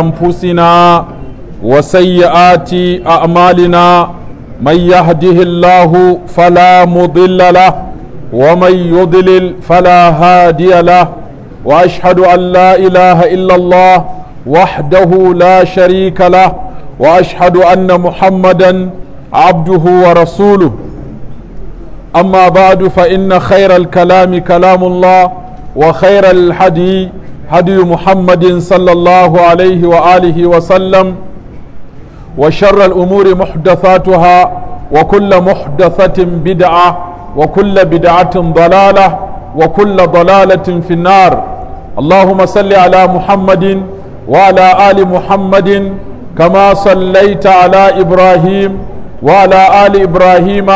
أنفسنا وسيئات أعمالنا من يهده الله فلا مضل له ومن يضلل فلا هادي له وأشهد أن لا إله إلا الله وحده لا شريك له وأشهد أن محمدا عبده ورسوله أما بعد فإن خير الكلام كلام الله وخير الحديث هدي محمد صلى الله عليه وآله وسلم وشر الأمور محدثاتها وكل محدثة بدعة وكل بدعة ضلالة وكل ضلالة في النار اللهم صل على محمد وعلى آل محمد كما صليت على إبراهيم وعلى آل إبراهيم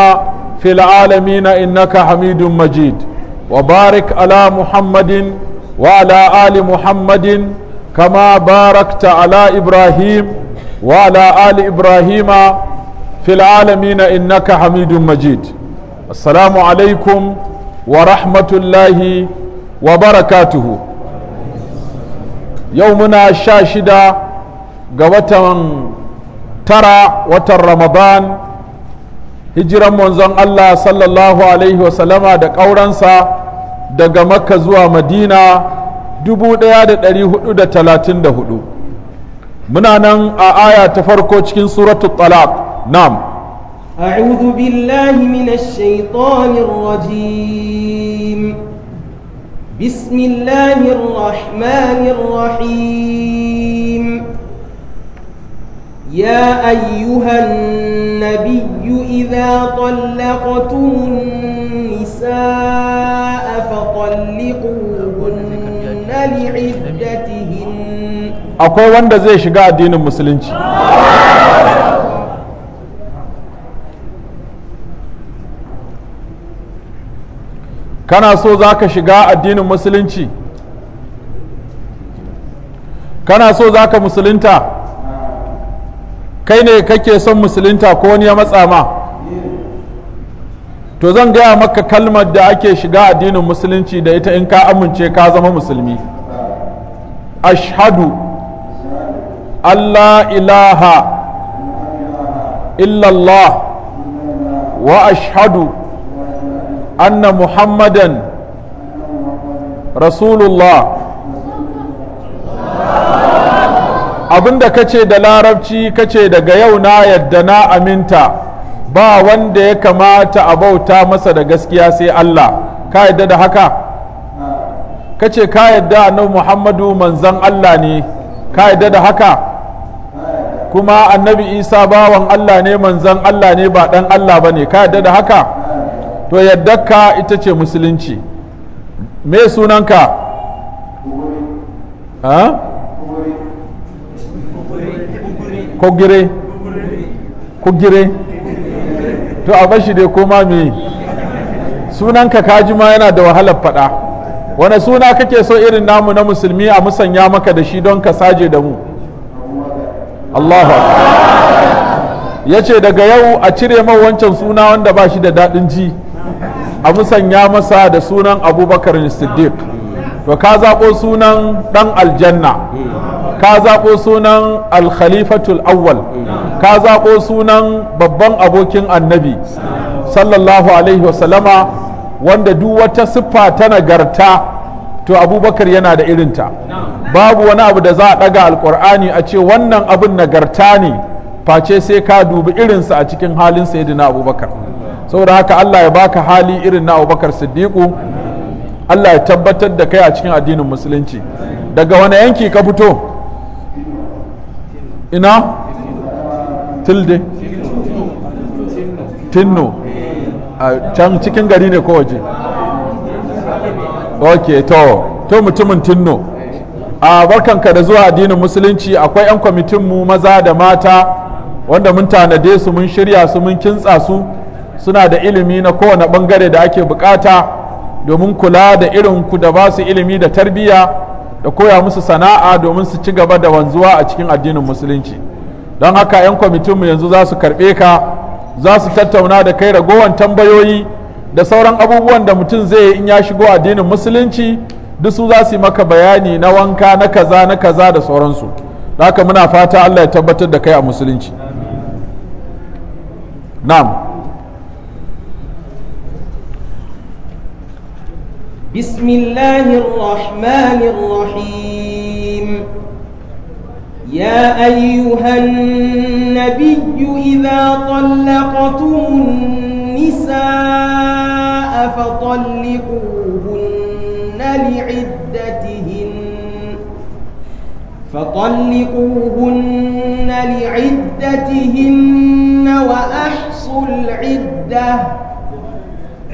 في العالمين إنك حميد مجيد وبارك على محمد وعلى آل محمد كما باركت على إبراهيم وعلى آل إبراهيم في العالمين إنك حميد مجيد السلام عليكم ورحمة الله وبركاته يومنا الشاشدة قوة tara watan ramadan hijiran manzon Allah sallallahu alaihi wasallama da ƙauransa daga makka zuwa madina 1434 muna nan a aya ta farko cikin suratul talaq nam أعوذ بالله من الشيطان الرجيم بسم الله الرحمن الرحيم يا أيها النبي إذا طلقتم النساء فطلقوهن akwai wanda zai shiga addinin musulunci kana so za ka shiga addinin musulunci kana so za ka musulunta kai ne kake son musulunta ko wani ya matsa ma to zan gaya maka kalmar da ake shiga addinin musulunci da ita in ka amince ka zama musulmi Ashadu allah ilaha illallah wa ashadu anna muhammadan rasulullah abinda kace da larabci kace daga yau na yadda na aminta ba wanda ya kamata a bauta masa da gaskiya sai Allah ka yadda da haka ka ce ka yadda annabi muhammadu manzan Allah ne ka yadda da haka kuma annabi isa bawan Allah ne manzan Allah ne ba dan Allah ba ne ka yadda da haka to yadda ka ita ce musulunci me sunanka kogire kogire to a bashi dai koma me sunanka kaji ma yana da wahalar faɗa wani suna kake so irin namu na musulmi a musanya maka da shi don ka saje da mu Allahu ya ce daga yau a cire man wancan suna wanda ba shi da daɗin ji a musanya masa da sunan abubakar siddiq to ka zaɓo sunan ɗan aljanna ka zaɓo sunan alkhalifatul awwal ka zaɓo sunan babban abokin annabi sallallahu alaihi wasallama wanda duk wata siffa ta nagarta to abubakar yana da irinta babu wani abu da za a ɗaga alkur'ani a ce wannan abin nagarta ne face sai ka dubi irinsa a cikin halin na abubakar saboda haka allah ya baka hali irin na abubakar siddiqu allah ya tabbatar da kai a cikin addinin musulunci daga wani yanki ka fito ina tilde tinno a can cikin gari ne ko waje ok to to mutumin tinno a barkanka da zuwa addinin musulunci akwai 'yan kwamitinmu maza da mata wanda mun tanade su mun shirya su mun kintsa su suna da ilimi na kowane bangare da ake bukata domin kula da irin ku da ba su ilimi da tarbiyya da koya musu sana'a domin su ci gaba da wanzuwa a cikin addinin musulunci don haka 'yan kwamitinmu yanzu za su karɓe ka za su tattauna da kai ragowar tambayoyi da sauran abubuwan da mutum zai yi in ya shigo addinin musulunci duk su za su yi maka bayani na wanka na kaza na kaza da sauransu haka muna fata allah ya tabbatar da kai a musulunci na'am بسم الله الرحمن الرحيم يا أيها النبي إذا طلقتم النساء فطلقوهن لعدتهن فطلقوهن لعدتهن وأحصوا العدة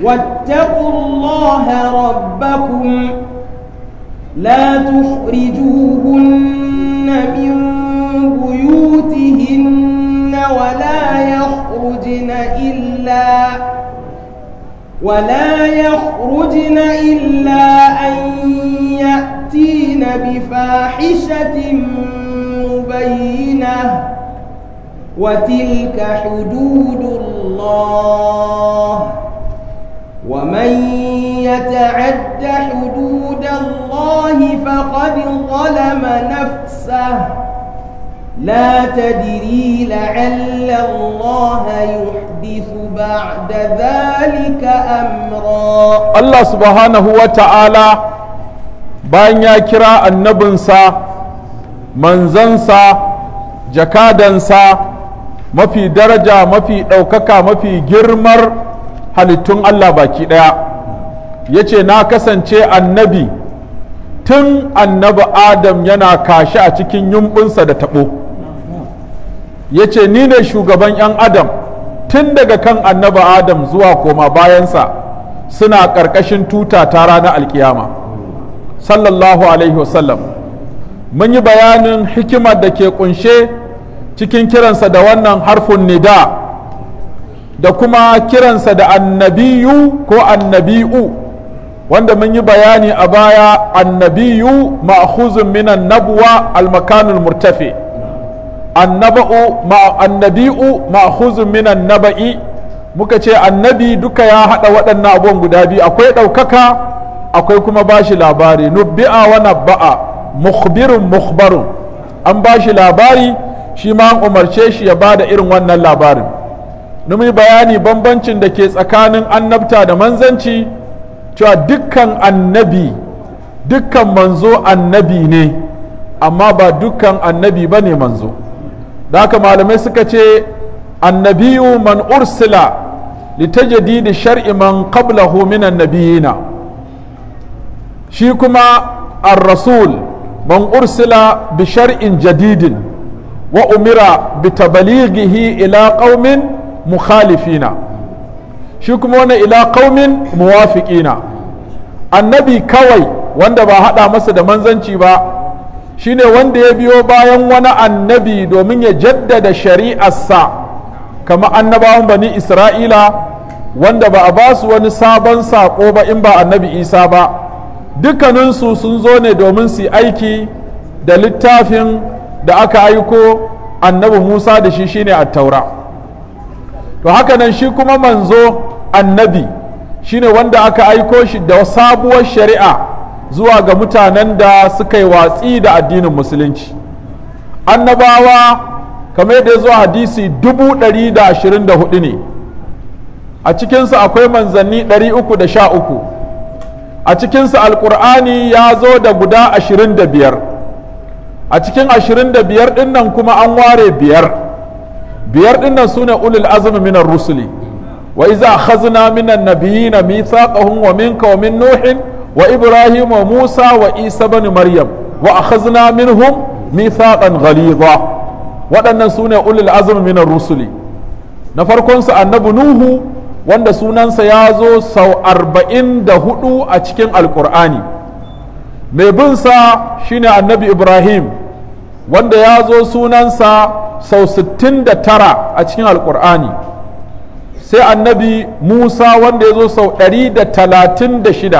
واتقوا الله ربكم لا تخرجوهن من بيوتهن ولا يخرجن إلا ولا يخرجن إلا أن يأتين بفاحشة مبينة وتلك حدود الله ومن يتعد حدود الله فقد ظلم نفسه لا تدري لعل الله يحدث بعد ذلك امرا الله سبحانه وتعالى bayan ya kira annabinsa manzansa jakadansa mafi daraja mafi ɗaukaka mafi girmar halittun Allah baki ɗaya ya ce na kasance annabi tun annabi adam yana kashi a cikin yumbunsa da taɓo ya ce ni ne shugaban 'yan adam tun daga kan annabi adam zuwa koma bayansa suna ƙarƙashin tuta ta ranar alkiyama sallallahu alaihi wasallam mun yi bayanin hikimar da ke ƙunshe cikin kiransa da wannan harfin nida da kuma kiransa da annabiyu ko annabi'u wanda mun yi bayani a baya annabiyu ma'khuzun minan nabwa al murtafi annaba'u ma annabi'u ma'khuzun minan naba'i muka ce annabi duka ya hada waɗannan abubuwan guda biyu akwai ɗaukaka akwai kuma bashi labari nubbi'a wa nabba'a mukhbirun mukhbarun an bashi labari shi ma umarce shi ya bada irin wannan labarin numi bayani bambancin da ke tsakanin annabta da manzanci cewa dukkan annabi dukkan manzo annabi ne amma ba dukkan annabi ba ne manzo da haka malamai suka ce annabiyu man ursila da shar'i man qablahu min annabiyina shi kuma ar-rasul man ursila bi shar'in jadidin wa umira bi tabalighihi ila qaumin mukhalifina shi kuma wannan ila kaumin muwafiqina annabi kawai wanda ba hada masa da manzanci ba shine wanda ya biyo bayan wani annabi domin ya jaddada shari'arsa kama annabawan bani isra'ila wanda ba a ba su wani sabon sako ba in ba annabi isa ba dukkaninsu sun zo ne domin su aiki da littafin da aka aiko annabi musa da shi shine attaura. taura to haka nan shi kuma manzo annabi shine wanda aka aiko shi da sabuwar shari'a zuwa ga mutanen da suka yi watsi da addinin musulunci annabawa kamar da ya hadisi dubu da ashirin hudu ne a cikinsu akwai manzanni ɗari uku da sha uku a cikinsu alkur'ani ya zo da guda ashirin a cikin ashirin da biyar ɗin nan kuma an ware biyar biyar nan sune ulul azmi minar rusuli wa iza min minan nabiyina mithaqahum wa minka wa min nuhin wa ibrahim wa musa wa isa bani maryam wa akhazna minhum mithaqan ghalidha waɗannan sune ulul azmi minar rusuli na farkon su annabi nuhu wanda sunansa ya zo sau arba'in da hudu a cikin alkur'ani mai sa shine annabi ibrahim wanda ya zo sunansa sau 69 a cikin alkur'ani sai annabi musa wanda ya zo sau 136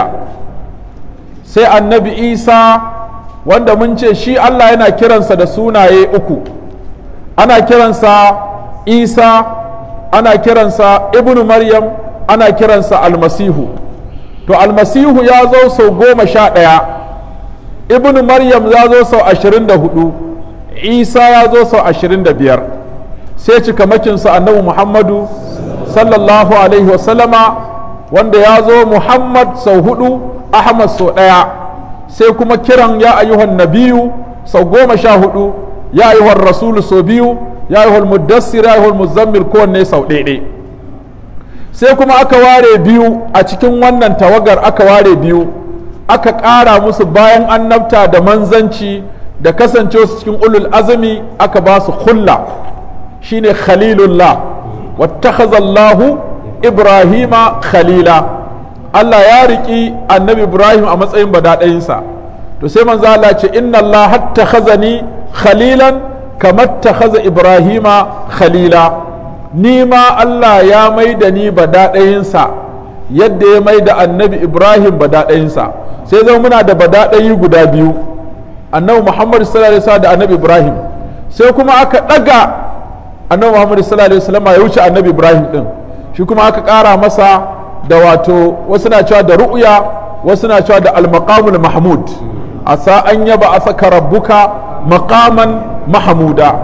sai annabi isa wanda mun ce shi allah yana kiransa da sunaye uku ana kiransa isa ana kiransa ibnu maryam ana kiransa almasihu to almasihu ya zo sau goma sha ɗaya ibnu maryam ya zo sau ashirin da hudu isa ya zo sau ashirin da biyar sai cika cikamakinsa annabi muhammadu sallallahu alaihi wasallama wanda ya zo muhammad sau hudu ahmad sau daya sai kuma kiran ya ayyuhan nabiyu sau goma sha hudu ya ayyuhan rasulu sau biyu ya ayyuhan muddassir ya ayyuhan muzammil kowanne sau ɗaiɗai sai kuma aka ware biyu a cikin wannan tawagar aka ware biyu aka ƙara musu bayan annabta da manzanci da kasance su cikin ulul azumi aka ba su Shi shine khalilullah wattakhadha Ibrahima khalila Allah ya riki annabi Ibrahim a matsayin badadayinsa to sai manzo Allah ce inna Allah hattakhazani khalilan kamar ta takhaza Ibrahima khalila ni ma Allah ya mai da ni daɗayinsa yadda ya mai da annabi Ibrahim daɗayinsa sai zama muna da badaɗayi guda biyu annabi muhammad sallallahu alaihi wasallam da annabi ibrahim sai kuma aka daga annabi muhammad sallallahu alaihi wasallam ya wuce annabi ibrahim din shi kuma aka kara masa da wato wasu na cewa da ru'ya wasu na cewa da al mahmud asa an yaba saka rabbuka maqaman mahmuda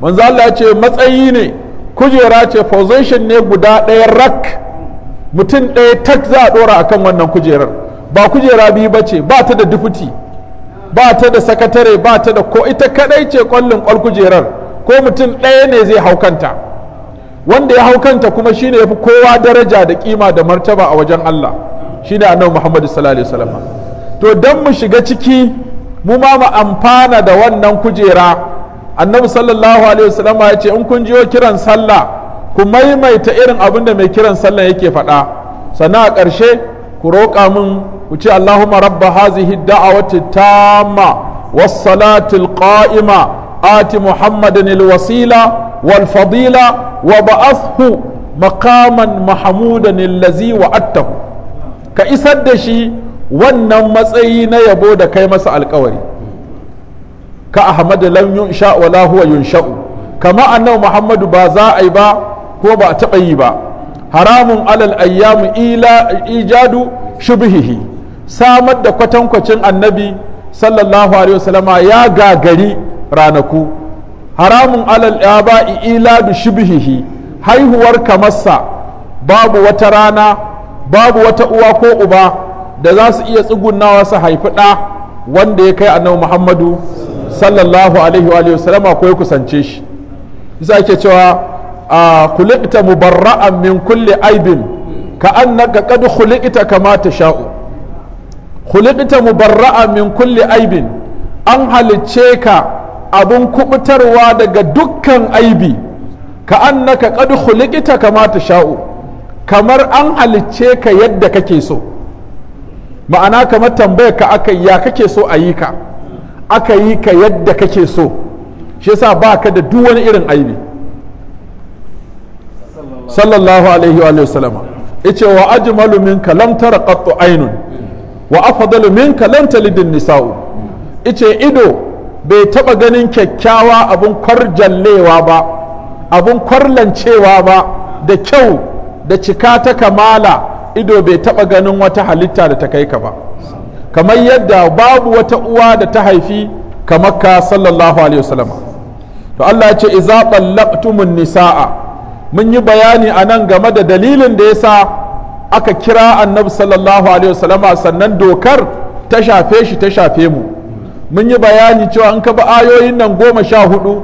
manzo Allah ya ce matsayi ne kujera ce position ne guda ɗaya rak mutum ɗaya tak za a dora akan wannan kujerar ba kujera biyu ba ce ba ta da dufuti ba ta da sakatare ba ta da ko ita kadai ce kwallon kwalkujerar ko mutum ɗaya ne zai haukanta wanda ya haukanta kuma shine ya fi kowa daraja da kima da martaba a wajen Allah shine annabi Muhammadu sallallahu alaihi wasallam to dan mu shiga ciki mu ma mu amfana da wannan kujera annabi sallallahu alaihi wasallam ya ce in kun jiyo kiran sallah ku maimaita irin abin da mai kiran sallah yake faɗa sannan a ƙarshe ku roƙa min ku ce Allahumma rabba hazihi da'awati tamma was salatil qa'ima ati Muhammadan wasila wal fadila wa ba'athu maqaman mahmudan allazi wa'adtahu ka isar da shi wannan matsayi na yabo da kai masa alkawari ka Ahmad lam yunsha wala huwa yunsha'u kama annabi Muhammadu ba za a yi ba ko ba a taɓa yi ba haramun alal ayyamu ila ijadu shubhihi samar da kwatankwacin annabi sallallahu alaihi wasallama ya gagari ranaku haramun alal aba'i ila bi shubhihi haihuwar kamarsa babu wata rana babu wata uwa ko uba da za su iya tsugunawa su haifi ɗa wanda ya kai annabi muhammadu sallallahu alaihi wa sallama ko ya kusance shi cewa kulikta mubarra'an min kulli aibin ka annaka qad khuliqta kama tasha'u khuliqta mubarra'an min kulli aibin an halicce ka abun kubutarwa daga dukkan aibi ka annaka qad khuliqta kama tasha'u kamar an halicce ka yadda kake so ma'ana kamar tambaya ka aka ya kake so a yi ka aka yi ka yadda kake so shi yasa ba ka da duk wani irin aibi sallallahu alaihi wa sallama ce wa ajmalu minka kalantar qattu aynun wa afdalu minka lam talidin nisa'u yace ido bai taɓa ganin kyakkyawa abun kwarjallewa ba abun kwarlancewa ba da kyau da cika ta kamala ido bai taɓa ganin wata halitta da ta kai ka ba kamar yadda babu wata uwa da ta haifi kamar ka sallallahu alaihi wa sallama to Allah ya ce iza ballaqtumun nisaa mun yi bayani a nan game da dalilin da ya sa aka kira annabi sallallahu alaihi wasallama sannan dokar ta shafe shi ta shafe mu mun yi bayani cewa an kaba ayoyin nan goma sha hudu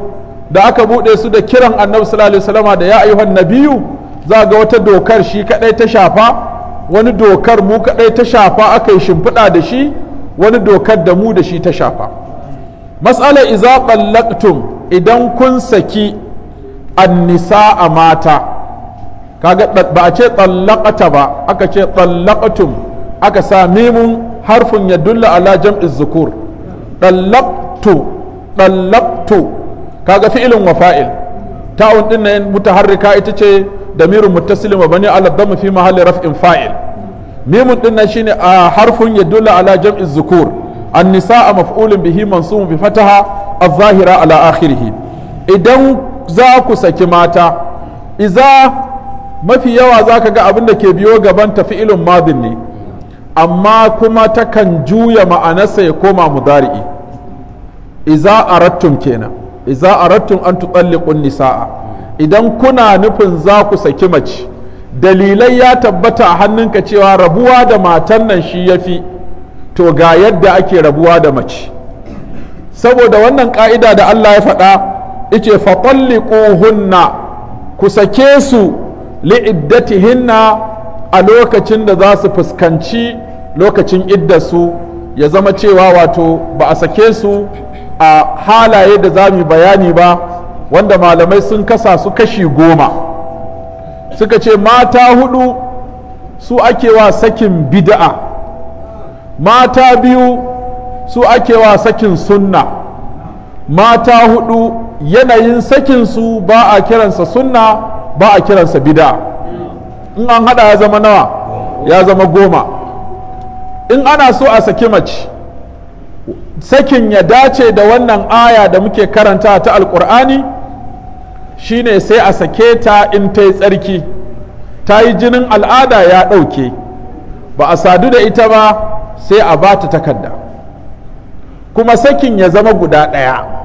da aka buɗe su da kiran annabi sallallahu alaihi wasallama da ya ayyuhan nabiyu za ga wata dokar shi kadai ta shafa wani dokar mu kadai ta shafa aka yi shimfiɗa da shi wani dokar da mu da shi ta shafa matsalar iza ballaktum idan kun saki annisa a mata kaga ba a ce tsallakata ba aka ce tsallakatum aka sa mimun harfin ya dulla ala jam'i zukur tsallaktu tsallaktu kaga fi'ilin wa fa'il ta'un din nan mutaharrika ita ce damirun muttasilin wa bani ala dhamma fi mahalli raf'in fa'il mimun din nan shine a harfin ya dulla ala jam'i zukur annisa a maf'ulin bihi mansubun bi fataha a على آخره idan. za ku saki mata iza mafi yawa za ka ga abin da ke biyo gaban tafi ilin madin ne amma kuma ta kan juya ma'anarsa ya koma mudari'i iza a rattun kenan iza a rattun an tutalliqun nisaa idan kuna nufin za ku saki mace dalilai ya tabbata a hannunka cewa rabuwa da matan nan shi ya fi to ga yadda ake rabuwa da mace saboda wannan ka'ida da Allah ya faɗa ice fatalliquhunna ku sake su li'iddatihinna a lokacin da za su fuskanci lokacin su ya zama cewa wato ba a sake su a halaye da za mu bayani ba wanda malamai sun kasa su kashi goma suka ce mata hudu su ake wa sakin bid'a mata biyu su ake wa sakin sunna mata hudu yanayin sakinsu ba a kiransa sunna ba a kiransa bida in an hada ya zama nawa ya zama goma in ana so a saki mace sakin ya dace da wannan aya da muke karanta ta alkur'ani shine sai a sake ta in ta yi tsarki ta yi jinin al'ada ya ɗauke ba a sadu da ita ba sai a ba ta takarda kuma sakin ya zama guda ɗaya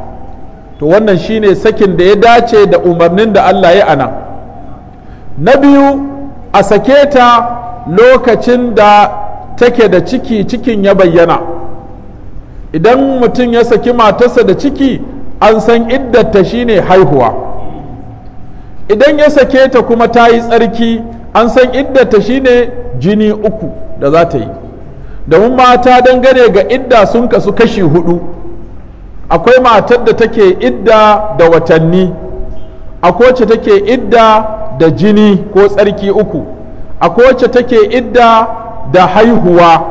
to wannan shine sakin da ya dace da umarnin da Allah ya ana na biyu a sake ta lokacin da take da ciki cikin ya bayyana idan mutum ya saki matarsa da ciki an san iddata shine haihuwa idan ya sake ta kuma ta yi tsarki an san iddata shine jini uku da za ta yi domin mata dangane ga idda sun kasu kashi hudu akwai matar da take idda da watanni akwai wacce take idda da jini ko tsarki uku akwai wacce take idda da haihuwa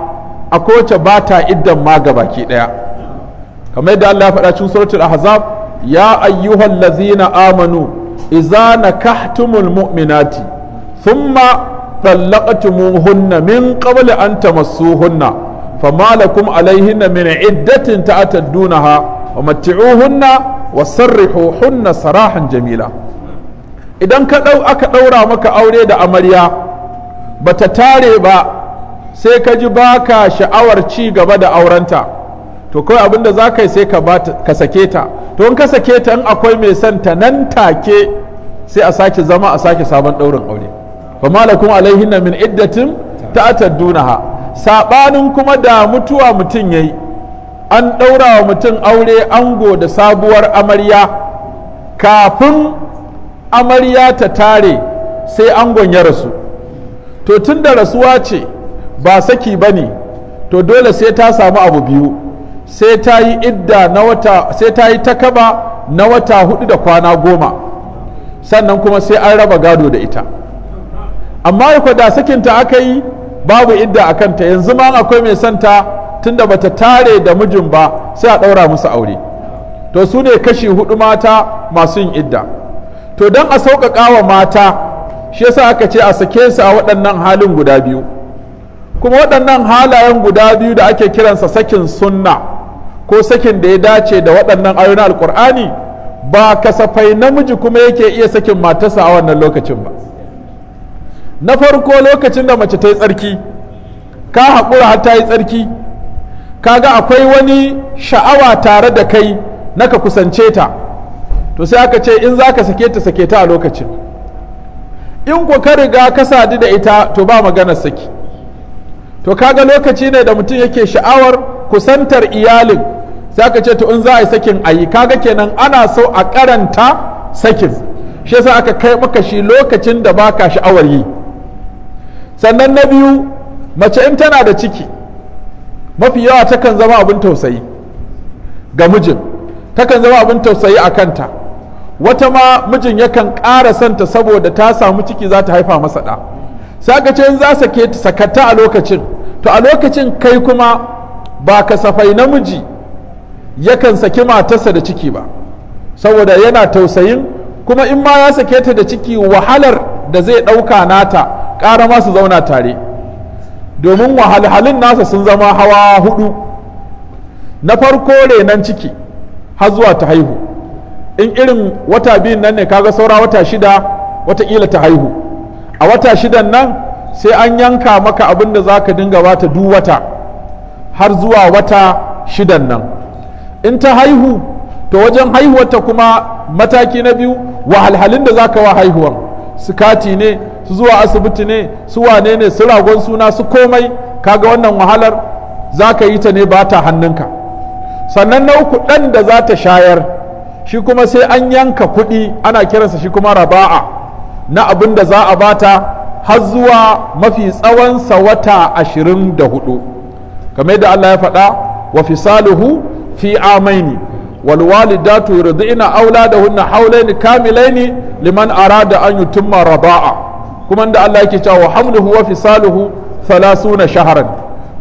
akwai wacce ba ta iddan ma baki ɗaya kamar yadda Allah ya faɗa cikin suratul ahzab ya ayyuhal ladzina amanu idza nakahtumul mu'minati thumma طلقتموهن من hunna, أن تمسوهن فما alayhinna min iddatin عدة تعتدونها wa matti'uhunna wa sarrihuhunna jamila idan ka dau aka daura maka aure da amarya bata tare ba sai ka ji baka sha'awar ci gaba da aurenta to kawai abinda za ka yi sai ka sake ta to in ka sake ta in akwai mai son ta nan take sai a sake zama a sake sabon daurin aure fa malakum alaihinna min iddatin tatadunaha sabanin kuma da mutuwa mutum yayi an ɗaura wa mutum aure ango da sabuwar amarya kafin amarya ta tare sai angon ya rasu to tun da rasuwa ce ba saki ba ne to dole sai ta samu abu biyu sai ta yi idda na takaba na wata hudu da kwana goma sannan kuma sai an raba gado da ita amma da sakinta aka yi babu idda a kanta yanzu ma akwai mai santa tunda bata tare da mijin ba sai a ɗaura musu aure to su ne kashi hudu mata masu yin idda to don a sauƙaƙa wa mata shi yasa aka ce a sake su a waɗannan halin guda biyu kuma waɗannan halayen guda biyu da ake kiransa sakin sunna ko sakin da ya dace da waɗannan ayoyin alkur'ani ba kasafai namiji kuma yake iya sakin matarsa a wannan lokacin ba na farko lokacin da mace ta yi tsarki ka haƙura har ta yi tsarki kaga akwai wani sha'awa tare da kai na ka kusance ta to sai aka ce in za ka sake ta sake ta a lokacin in ku ka riga ka sadu da ita to ba maganar saki to kaga lokaci ne da mutum yake sha'awar kusantar iyalin sai aka ce to in za a yi sakin a yi kaga kenan ana so a karanta sakin shi yasa aka kai maka shi lokacin da baka sha'awar yi sannan na biyu mace in tana da ciki mafi yawa takan zama abin tausayi ga mijin takan zama abin tausayi a kanta wata ma mijin yakan ƙara santa saboda ta samu ciki za ta haifa masa ɗa sakacin za sake sakata a lokacin to a lokacin kai kuma ba kasafai namiji yakan saki matarsa da ciki ba saboda yana tausayin kuma in ma ya sake ta da ciki wahalar da zai ɗauka nata ƙara masu zauna tare domin wahalhalin nasa sun zama hawa hudu na farko renan ciki har zuwa ta haihu in irin wata biyun nan ne kaga saura wata shida watakila ta haihu a wata shidan nan sai an yanka maka abin da za ka dinga bata duk wata har zuwa wata shidan nan in ta haihu to wajen haihuwarta kuma mataki na biyu wahalhalin da za ka wa haihuwar sukati ne su zuwa asibiti ne su wane ne su ragon suna su komai kaga wannan wahalar za ka yi ta ne ba ta hannunka sannan na uku ɗan da za ta shayar shi kuma sai an yanka kuɗi ana kiransa shi kuma raba'a na abin da za a bata har zuwa mafi tsawonsa wata ashirin da hudu kamar da Allah ya faɗa wa fi Salihu fi amaini والوالدات يرضعن أولادهن حولين kamilaini liman arada an يتم raba'a. kuma da Allah yake cewa hamduhu wa fisaluhu 30 shaharan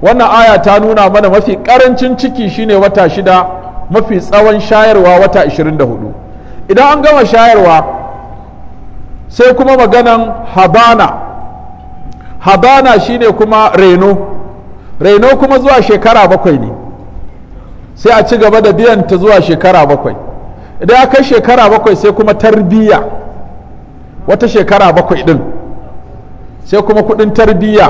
wannan aya ta nuna mana mafi karancin ciki shine wata shida mafi tsawon shayarwa wata 24 idan an gama shayarwa sai kuma maganan habana habana shine kuma reno reno kuma zuwa shekara bakwai ne sai a ci gaba da biyan ta zuwa shekara bakwai idan aka kai shekara bakwai sai kuma tarbiyya wata shekara bakwai din sai kuma kudin tarbiyya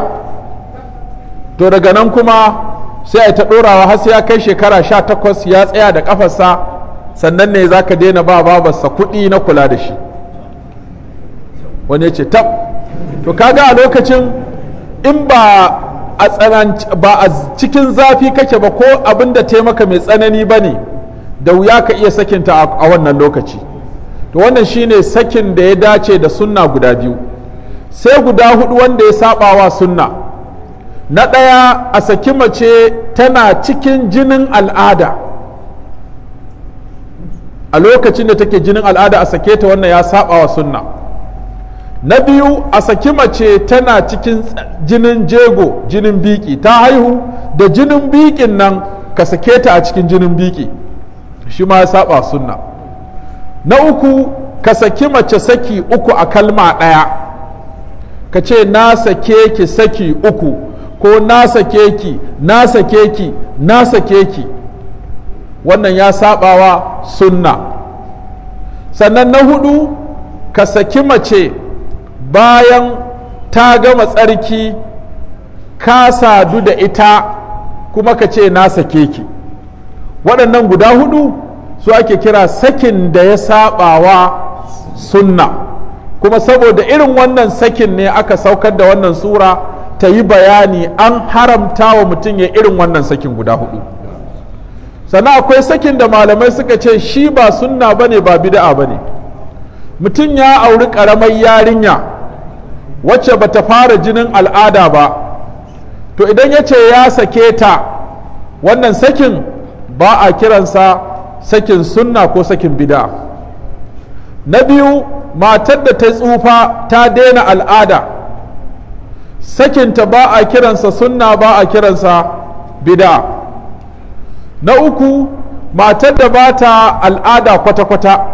to daga nan kuma sai a ta ɗorawa har sai ya kai shekara sha takwas ya tsaya da kafarsa sannan ne za ka daina ba babarsa kuɗi na kula da shi wani ya ce tab to kaga a lokacin in ba a ba a cikin zafi kake ba ko abin da taimaka mai tsanani ba ne da wuya ka iya sakinta a wannan lokaci to wannan shine sakin da ya dace da sunna guda biyu sai guda hudu wanda ya saba wa sunna na ɗaya a saki mace tana cikin jinin al'ada a lokacin da take jinin al'ada a sake ta wannan ya saba wa sunna na biyu a saki mace tana cikin jinin jego jinin biki ta haihu da jinin bikin nan ka sake ta a cikin jinin biki shi ma ya saba sunna na uku ka saki mace saki uku a kalma ɗaya ka ce na sake ki saki uku ko na sake ki na sake ki na sake ki wannan ya sabawa sunna sannan na hudu ka saki mace bayan ta gama tsarki ka sadu da ita kuma ka ce na sake ki waɗannan guda hudu su ake kira sakin da ya saɓawa sunna kuma saboda irin wannan sakin ne aka saukar da wannan sura ta yi bayani an haramta wa mutum ya irin wannan sakin guda hudu sannan akwai sakin da malamai suka ce shi ba sunna ba ne ba bida'a ba ne mutum ya auri ƙaramar yarinya wacce ba ta fara jinin al'ada ba to idan ya ce ya sake ta wannan sakin ba a kiransa sakin sunna ko sakin bida'a na biyu matar da ta tsufa ta daina al'ada sakinta ba a kiransa sunna ba a kiransa bida na uku matar da ba ta al'ada kwata-kwata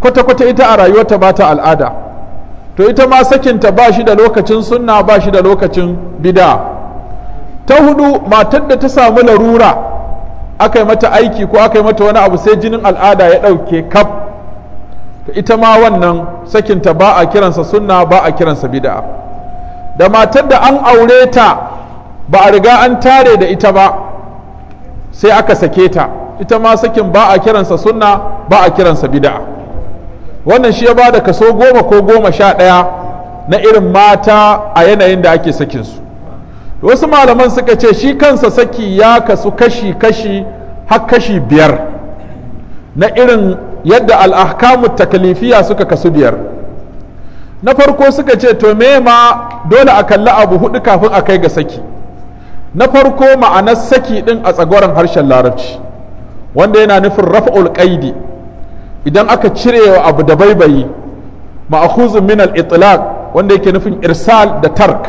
kwata-kwata ita a rayuwarta ba ta al'ada to ita ma sakinta ba shi da lokacin sunna ba shi da lokacin bida ta hudu matar da ta samu larura aka yi mata aiki ko aka yi mata wani abu sai jinin al'ada ya ɗauke kaf to ita ma wannan sakinta ba a kiransa sunna ba a kiransa bid'a da matar da an aure ta ba a riga an tare da ita ba sai aka sake ta ita ma sakin ba a kiransa sunna ba a kiransa bida'a wannan shi ya ba da kaso goma ko goma sha ɗaya na irin mata a yanayin da ake sakinsu wasu malaman suka ce shi kansa saki ya kasu kashi-kashi har kashi biyar na irin yadda al'ahkamu takalifiya suka kasu biyar na farko suka ce to me ma dole a kalli abu hudu kafin a kai ga saki na farko ma'anar saki din a tsagoran harshen larabci wanda yana nufin raf'ul qaidi idan aka cire wa abu da baibayi ma'khuzun min al-itlaq wanda yake nufin irsal da tark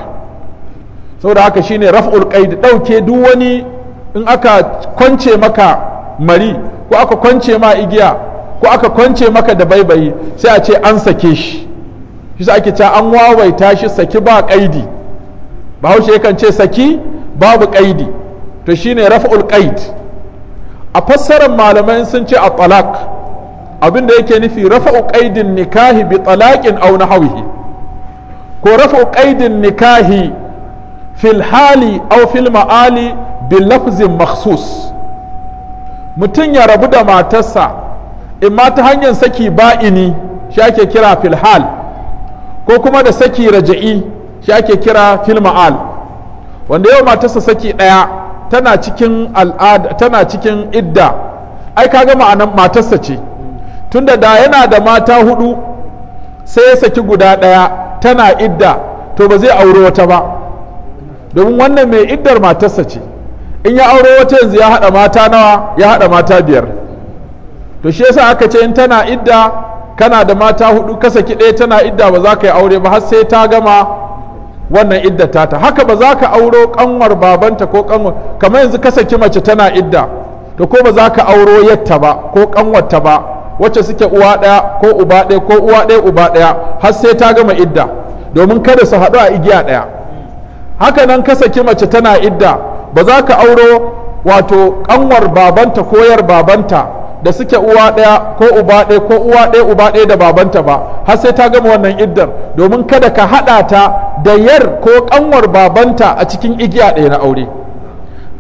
saboda haka shine raf'ul qaid dauke duk wani in aka kwance maka mari ko aka kwance ma igiya ko aka kwance maka da baibayi sai a ce an sake shi shi sa ake cewa an wawaita shi saki ba kaidi bahaushe yakan ce saki babu kaidi to shine raf'ul qaid a fassarar malamai sun ce a talak abin da yake nufi rafa'u qaidin nikahi bi talaqin aw nahwihi ko rafa'u qaidin nikahi fil hali aw fil ma'ali bi lafzin makhsus mutum ya rabu da matarsa in ma ta hanyar saki ba'ini shi ake kira filhal ko kuma da saki raja'i shi ake kira filma'al wanda yau matarsa saki ɗaya tana cikin al'ada tana cikin idda ai kaga ma'anan matarsa ce tunda da yana da mata hudu sai ya saki guda ɗaya tana idda to ba zai aure wata ba domin wannan mai iddar matarsa ce in ya aure wata yanzu ya haɗa mata nawa ya haɗa mata biyar to shi yasa aka ce in tana idda kana da mata hudu ka saki ɗaya tana idda ba za ka yi aure ba har sai ta gama wannan idda tata haka ba za ka auro kanwar babanta ko kanwar kamar yanzu ka saki mace tana idda to ko ba za ka auro yatta ba ko kanwarta ba wacce suke uwa ɗaya ko uba ɗaya ko uwa ɗaya uba ɗaya har sai ta gama idda domin kada su haɗu a igiya ɗaya haka nan ka saki mace tana idda ba za ka auro wato kanwar babanta koyar babanta da suke uwa ɗaya ko uba ɗaya ko uwa ɗaya uba ɗaya da babanta ba har sai ta gama wannan iddar domin kada ka haɗa ta da yar ko ƙanwar babanta a cikin igiya ɗaya na aure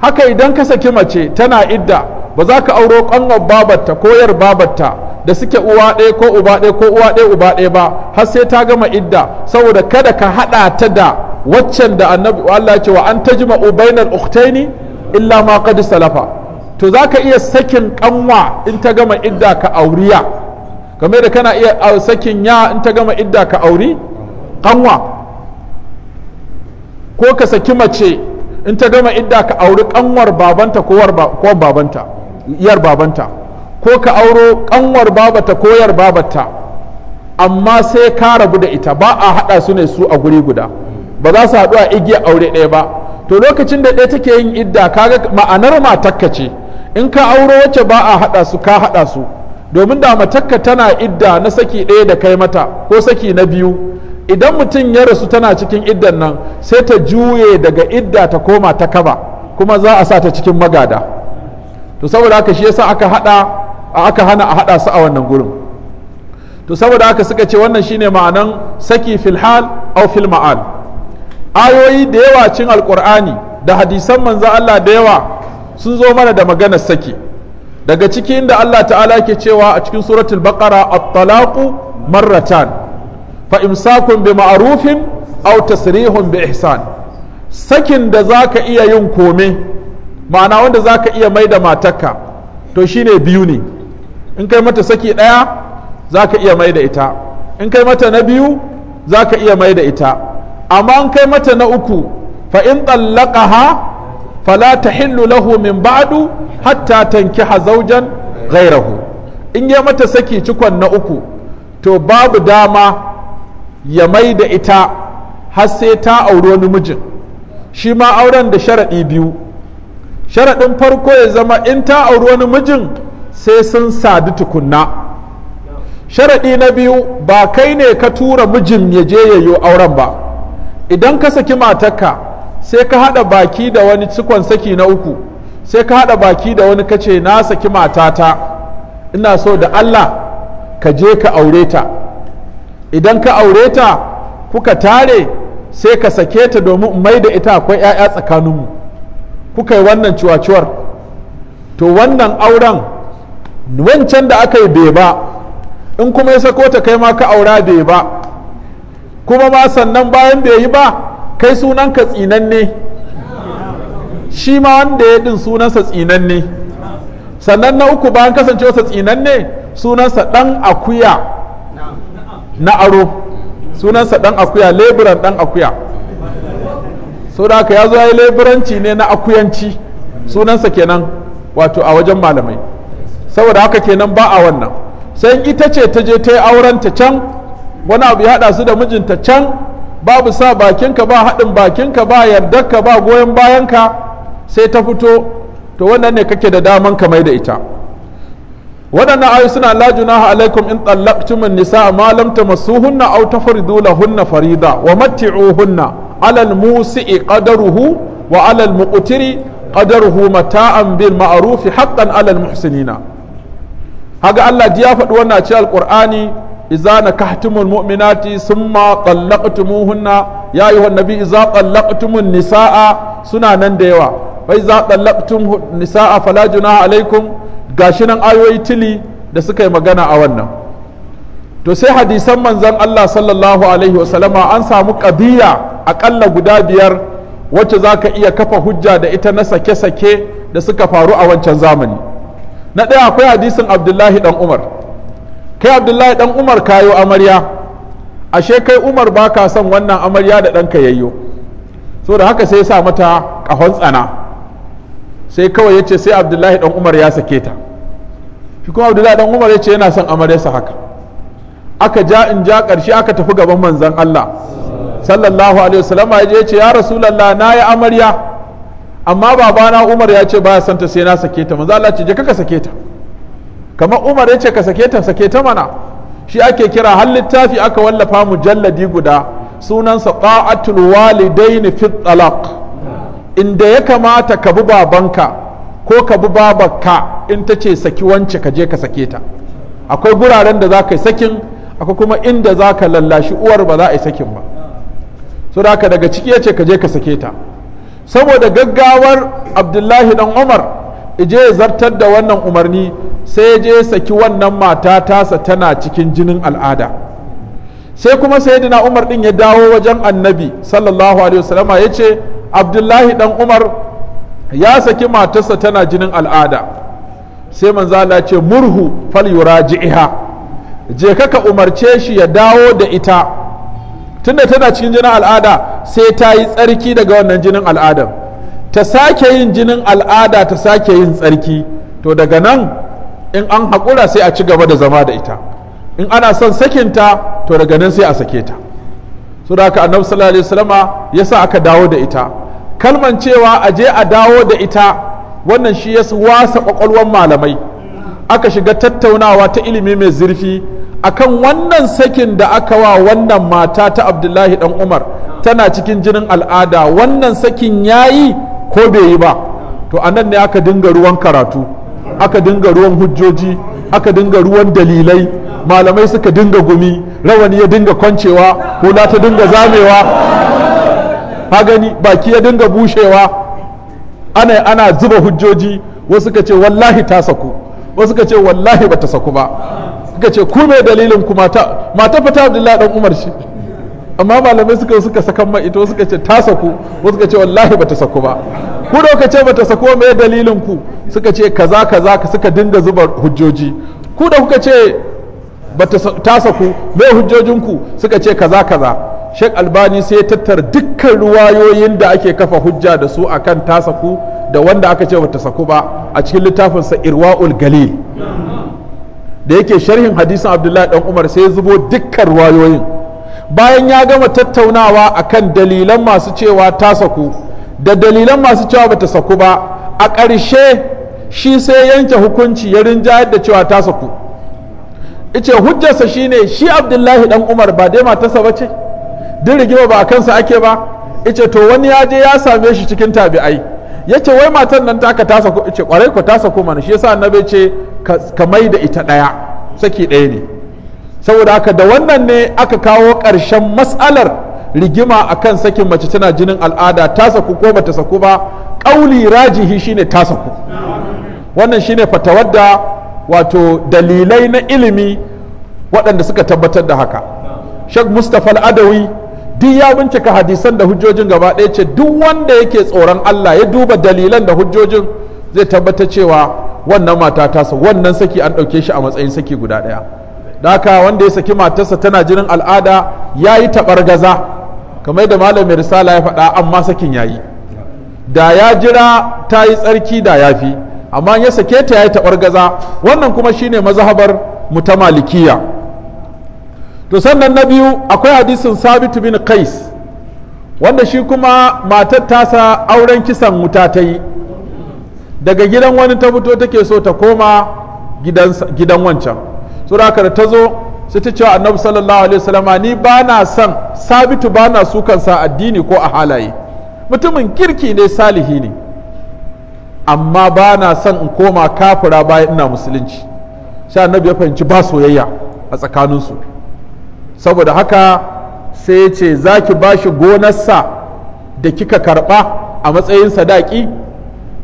haka idan ka saki mace tana idda ba za ka auro ƙanwar babarta ko yar babarta da suke uwa ɗaya ko uba ɗaya ko uwa ɗaya uba ɗaya ba har sai ta gama idda saboda kada ka haɗa ta da waccan da annabi Allah ya ce wa an tajma'u bainal ukhtaini illa ma qad salafa to za ka iya sakin kanwa in ta gama idda ka auriya game da kana iya sakin ya in ta gama idda ka auri kanwa ko ka saki mace in ta gama idda ka auri kanwar babanta ko babanta yar babanta ko ka auro kanwar babata ko yar babata amma sai ka rabu da ita ba a haɗa su ne su a guri guda ba za su haɗu a igiyar aure ɗaya ba to lokacin da ɗaya take yin idda kaga ma'anar matakka ce in ka auro wacce ba a haɗa su ka haɗa su domin da matakka tana idda na saki ɗaya da kai mata ko saki na biyu idan mutum ya rasu tana cikin iddan nan sai ta juye daga idda ta koma ta kaba kuma za a sa ta cikin magada to saboda haka shi yasa aka hada aka hana a haɗa su a wannan gurin to saboda haka suka ce wannan shine ma'anan saki fil hal aw fil ma'al ayoyi da yawa cin alqur'ani da hadisan manzo Allah da yawa sun zo mana da maganar saki daga ciki inda Allah ta'ala ke cewa a cikin suratul baqara at-talaqu marratan fa imsakun bi ma'rufin aw tasrihun bi ihsan sakin da zaka iya yin kome ma'ana wanda zaka iya mai da matarka to shine biyu ne in kai mata saki daya zaka iya mai da ita in kai mata na biyu zaka iya mai da ita amma in kai mata na uku fa in tallaqaha fala ta lahu min ba'du hatta tankiha hazaujan gairahu. in ya mata saki cikon na uku to babu dama ya mai da ita har sai ta auri wani mijin shi ma auren da sharaɗi biyu sharaɗin farko ya zama in ta auri wani mijin sai sun sadu tukunna sharaɗi na biyu ba kai ne ka tura mijin ya je ya auren ba idan ka saki matarka sai ka haɗa baki da wani cikon saki na uku sai ka haɗa baki da wani kace na saki matata ina so da Allah ka je ka aure ta idan ka aure ta kuka tare sai ka sake ta domin mai da ita akwai 'ya'ya tsakaninmu kuka yi wannan ciwaciwar to wannan auren wancan da aka yi bai ba in kuma ya sako ta kai ma ka aura bai ba kuma ma sannan bayan bai yi ba kai sunanka tsinanne shi ma wanda ya din sunansa tsinanne sannan na uku bayan kasancewarsa tsinanne sunansa dan akuya na aro sunansa dan akuya leburan dan akuya so da haka ya zo ya leburanci ne na akuyanci sunansa kenan wato a wajen malamai saboda haka kenan ba a wannan sai ita ce ta je ta yi aurenta can wani abu ya haɗa su da mijinta can babu sa bakinka ba haɗin bakinka ba yardarka ba goyon bayanka sai ta fito to wannan ne kake da daman ka mai da ita waɗannan ayoyi suna la junaha alaikum in tsallaqtum nisa ma lam tamassuhunna aw tafridu lahunna farida wa matti'uhunna ala al-musi'i qadaruhu wa ala al-muqtiri qadaruhu mata'an bil ma'ruf haqqan ala al-muhsinina haga Allah ji ya faɗi wannan a cikin alqur'ani إذا نكحتم المؤمنات ثم طلقتموهن يا أيها النبي إذا طلقتم النساء سنة ننديوا فإذا طلقتم النساء فلا جناح عليكم gashinan ayoyi tili da suka yi magana a wannan to sai hadisan manzon Allah sallallahu alaihi wasallama an samu ƙabiya aƙalla guda biyar wacce za ka iya kafa hujja da ita na sake-sake da suka faru a wancan zamani na ɗaya akwai hadisin abdullahi ɗan umar kai abdullahi dan umar kayo amarya ashe kai umar ba ka son wannan amarya da ɗanka yayyo so da haka sai ya sa mata ƙahon tsana sai kawai ya ce sai abdullahi dan umar ya sake ta shi kuma abdullahi dan umar ya ce yana son amaryarsa haka aka ja in ja ƙarshe aka tafi gaban manzan allah sallallahu alaihi wasallam ya je ya ce ya rasulallah na ya amarya amma babana umar ya ce baya santa sai na sake ta manzan allah ce je kaka sake ta kamar umar ya ce ka sake ta sake ta mana shi ake kira har littafi aka wallafa mujalladi guda sunansa ta'atul walidaini fi talaq inda ya kamata ka bi babanka ko ka bi babarka in ta ce saki wance ka je ka sake ta akwai guraren da za ka yi sakin akwai kuma inda za ka lallashi uwar ba za a yi sakin ba so da daga ciki ya ce ka je ka sake ta saboda gaggawar abdullahi dan umar ije zartar da wannan umarni sai je saki wannan mata tasa tana cikin jinin al'ada sai kuma sayyidina umar din ya dawo wajen annabi sallallahu alaihi wasallama ya ce abdullahi dan umar ya saki matarsa tana jinin al'ada sai Manzala Allah ce murhu fal yuraji'iha je kaka umarce shi ya dawo da ita tunda tana cikin jinin al'ada sai ta yi tsarki daga wannan jinin al'adar ta sake yin jinin al'ada ta sake yin tsarki to daga nan in an haƙura sai a ci gaba da zama da ita in ana son sakinta to daga nan sai a sake ta su da aka annabi sallallahu alaihi ya sa aka dawo da ita kalman cewa a je a dawo da ita wannan shi ya wasa kwakwalwan malamai aka shiga tattaunawa ta ilimi mai zurfi akan wannan sakin da aka wa wannan mata ta abdullahi dan umar tana cikin jinin al'ada wannan sakin ya yi. ko bai yi ba to a nan ne aka dinga ruwan karatu aka dinga ruwan hujjoji aka dinga ruwan dalilai malamai suka dinga gumi rawani ya dinga kwancewa hula ta dinga zamewa ha gani baki ya dinga bushewa ana ana zuba hujjoji wasu ka ce wallahi ta saku wasu ka ce wallahi ba ta saku ba suka ce ku mai dalilin ku mata mata fata abdullahi dan umar shi amma malamai suka suka sakan ma ita suka ce ta saku wasu suka ce wallahi bata saku ba ku da kuka ce bata saku me dalilin ku suka ce kaza kaza suka dinga zuba hujjoji ku da kuka ce bata ta saku me hujjojin ku suka ce kaza kaza Sheikh Albani sai ya tattara dukkan ruwayoyin da ake kafa hujja da su akan ta saku da wanda aka ce bata saku ba a cikin littafin sa Irwaul Galil da yake sharhin hadisin Abdullahi dan Umar sai ya zubo dukkan ruwayoyin bayan ya gama tattaunawa akan dalilan masu cewa ta saku da dalilan masu cewa ba ta saku ba a ƙarshe shi sai yanke hukunci ya rinjayar da cewa ta saku ice hujjarsa shine shi abdullahi dan umar ba dai matarsa ba ce din rigima ba a kansa ake ba ice to wani ya je ya same shi cikin tabi'ai Yace wai matan nan taka ta saku ice kwarai ko ta saku mana shi yasa annabi ce ka mai da ita ɗaya saki ɗaya ne saboda haka da wannan ne aka kawo ƙarshen matsalar rigima a kan sakin mace tana jinin al'ada ta saku ko bata saku ba ƙauli rajihi shine ta saku wannan shine fatawar da wato dalilai na ilimi waɗanda suka tabbatar da haka shek mustapha al'adawi duk ya bincika hadisan da hujjojin gaba ɗaya ce duk wanda yake tsoron allah ya duba dalilan da hujjojin zai tabbatar cewa wannan mata ta wannan saki an ɗauke shi a matsayin saki guda ɗaya daka wanda ya saki matarsa tana jinin al'ada ya yi gaza kamar da malamin risala ya faɗa amma sakin ya yi da ya jira ta yi tsarki da ya fi amma ya sake ta ya yi taɓar gaza wannan kuma shine mazhabar mu ta malikiya to sannan na biyu akwai hadisin sabitu bin kais wanda shi kuma matar tasa auren kisan wuta ta yi daga gidan wani ta fito take so ta koma gidan wancan suraka da ta zo sai ta cewa annabi sallallahu alaihi wasallam ni ba na son sabitu ba na su kansa addini ko a halaye mutumin kirki ne salihi ne amma ba na son in koma kafira bayan ina musulunci sai annabi ya fahimci ba soyayya a tsakaninsu saboda haka sai ya ce za ki ba shi gonarsa da kika karɓa a matsayin sadaki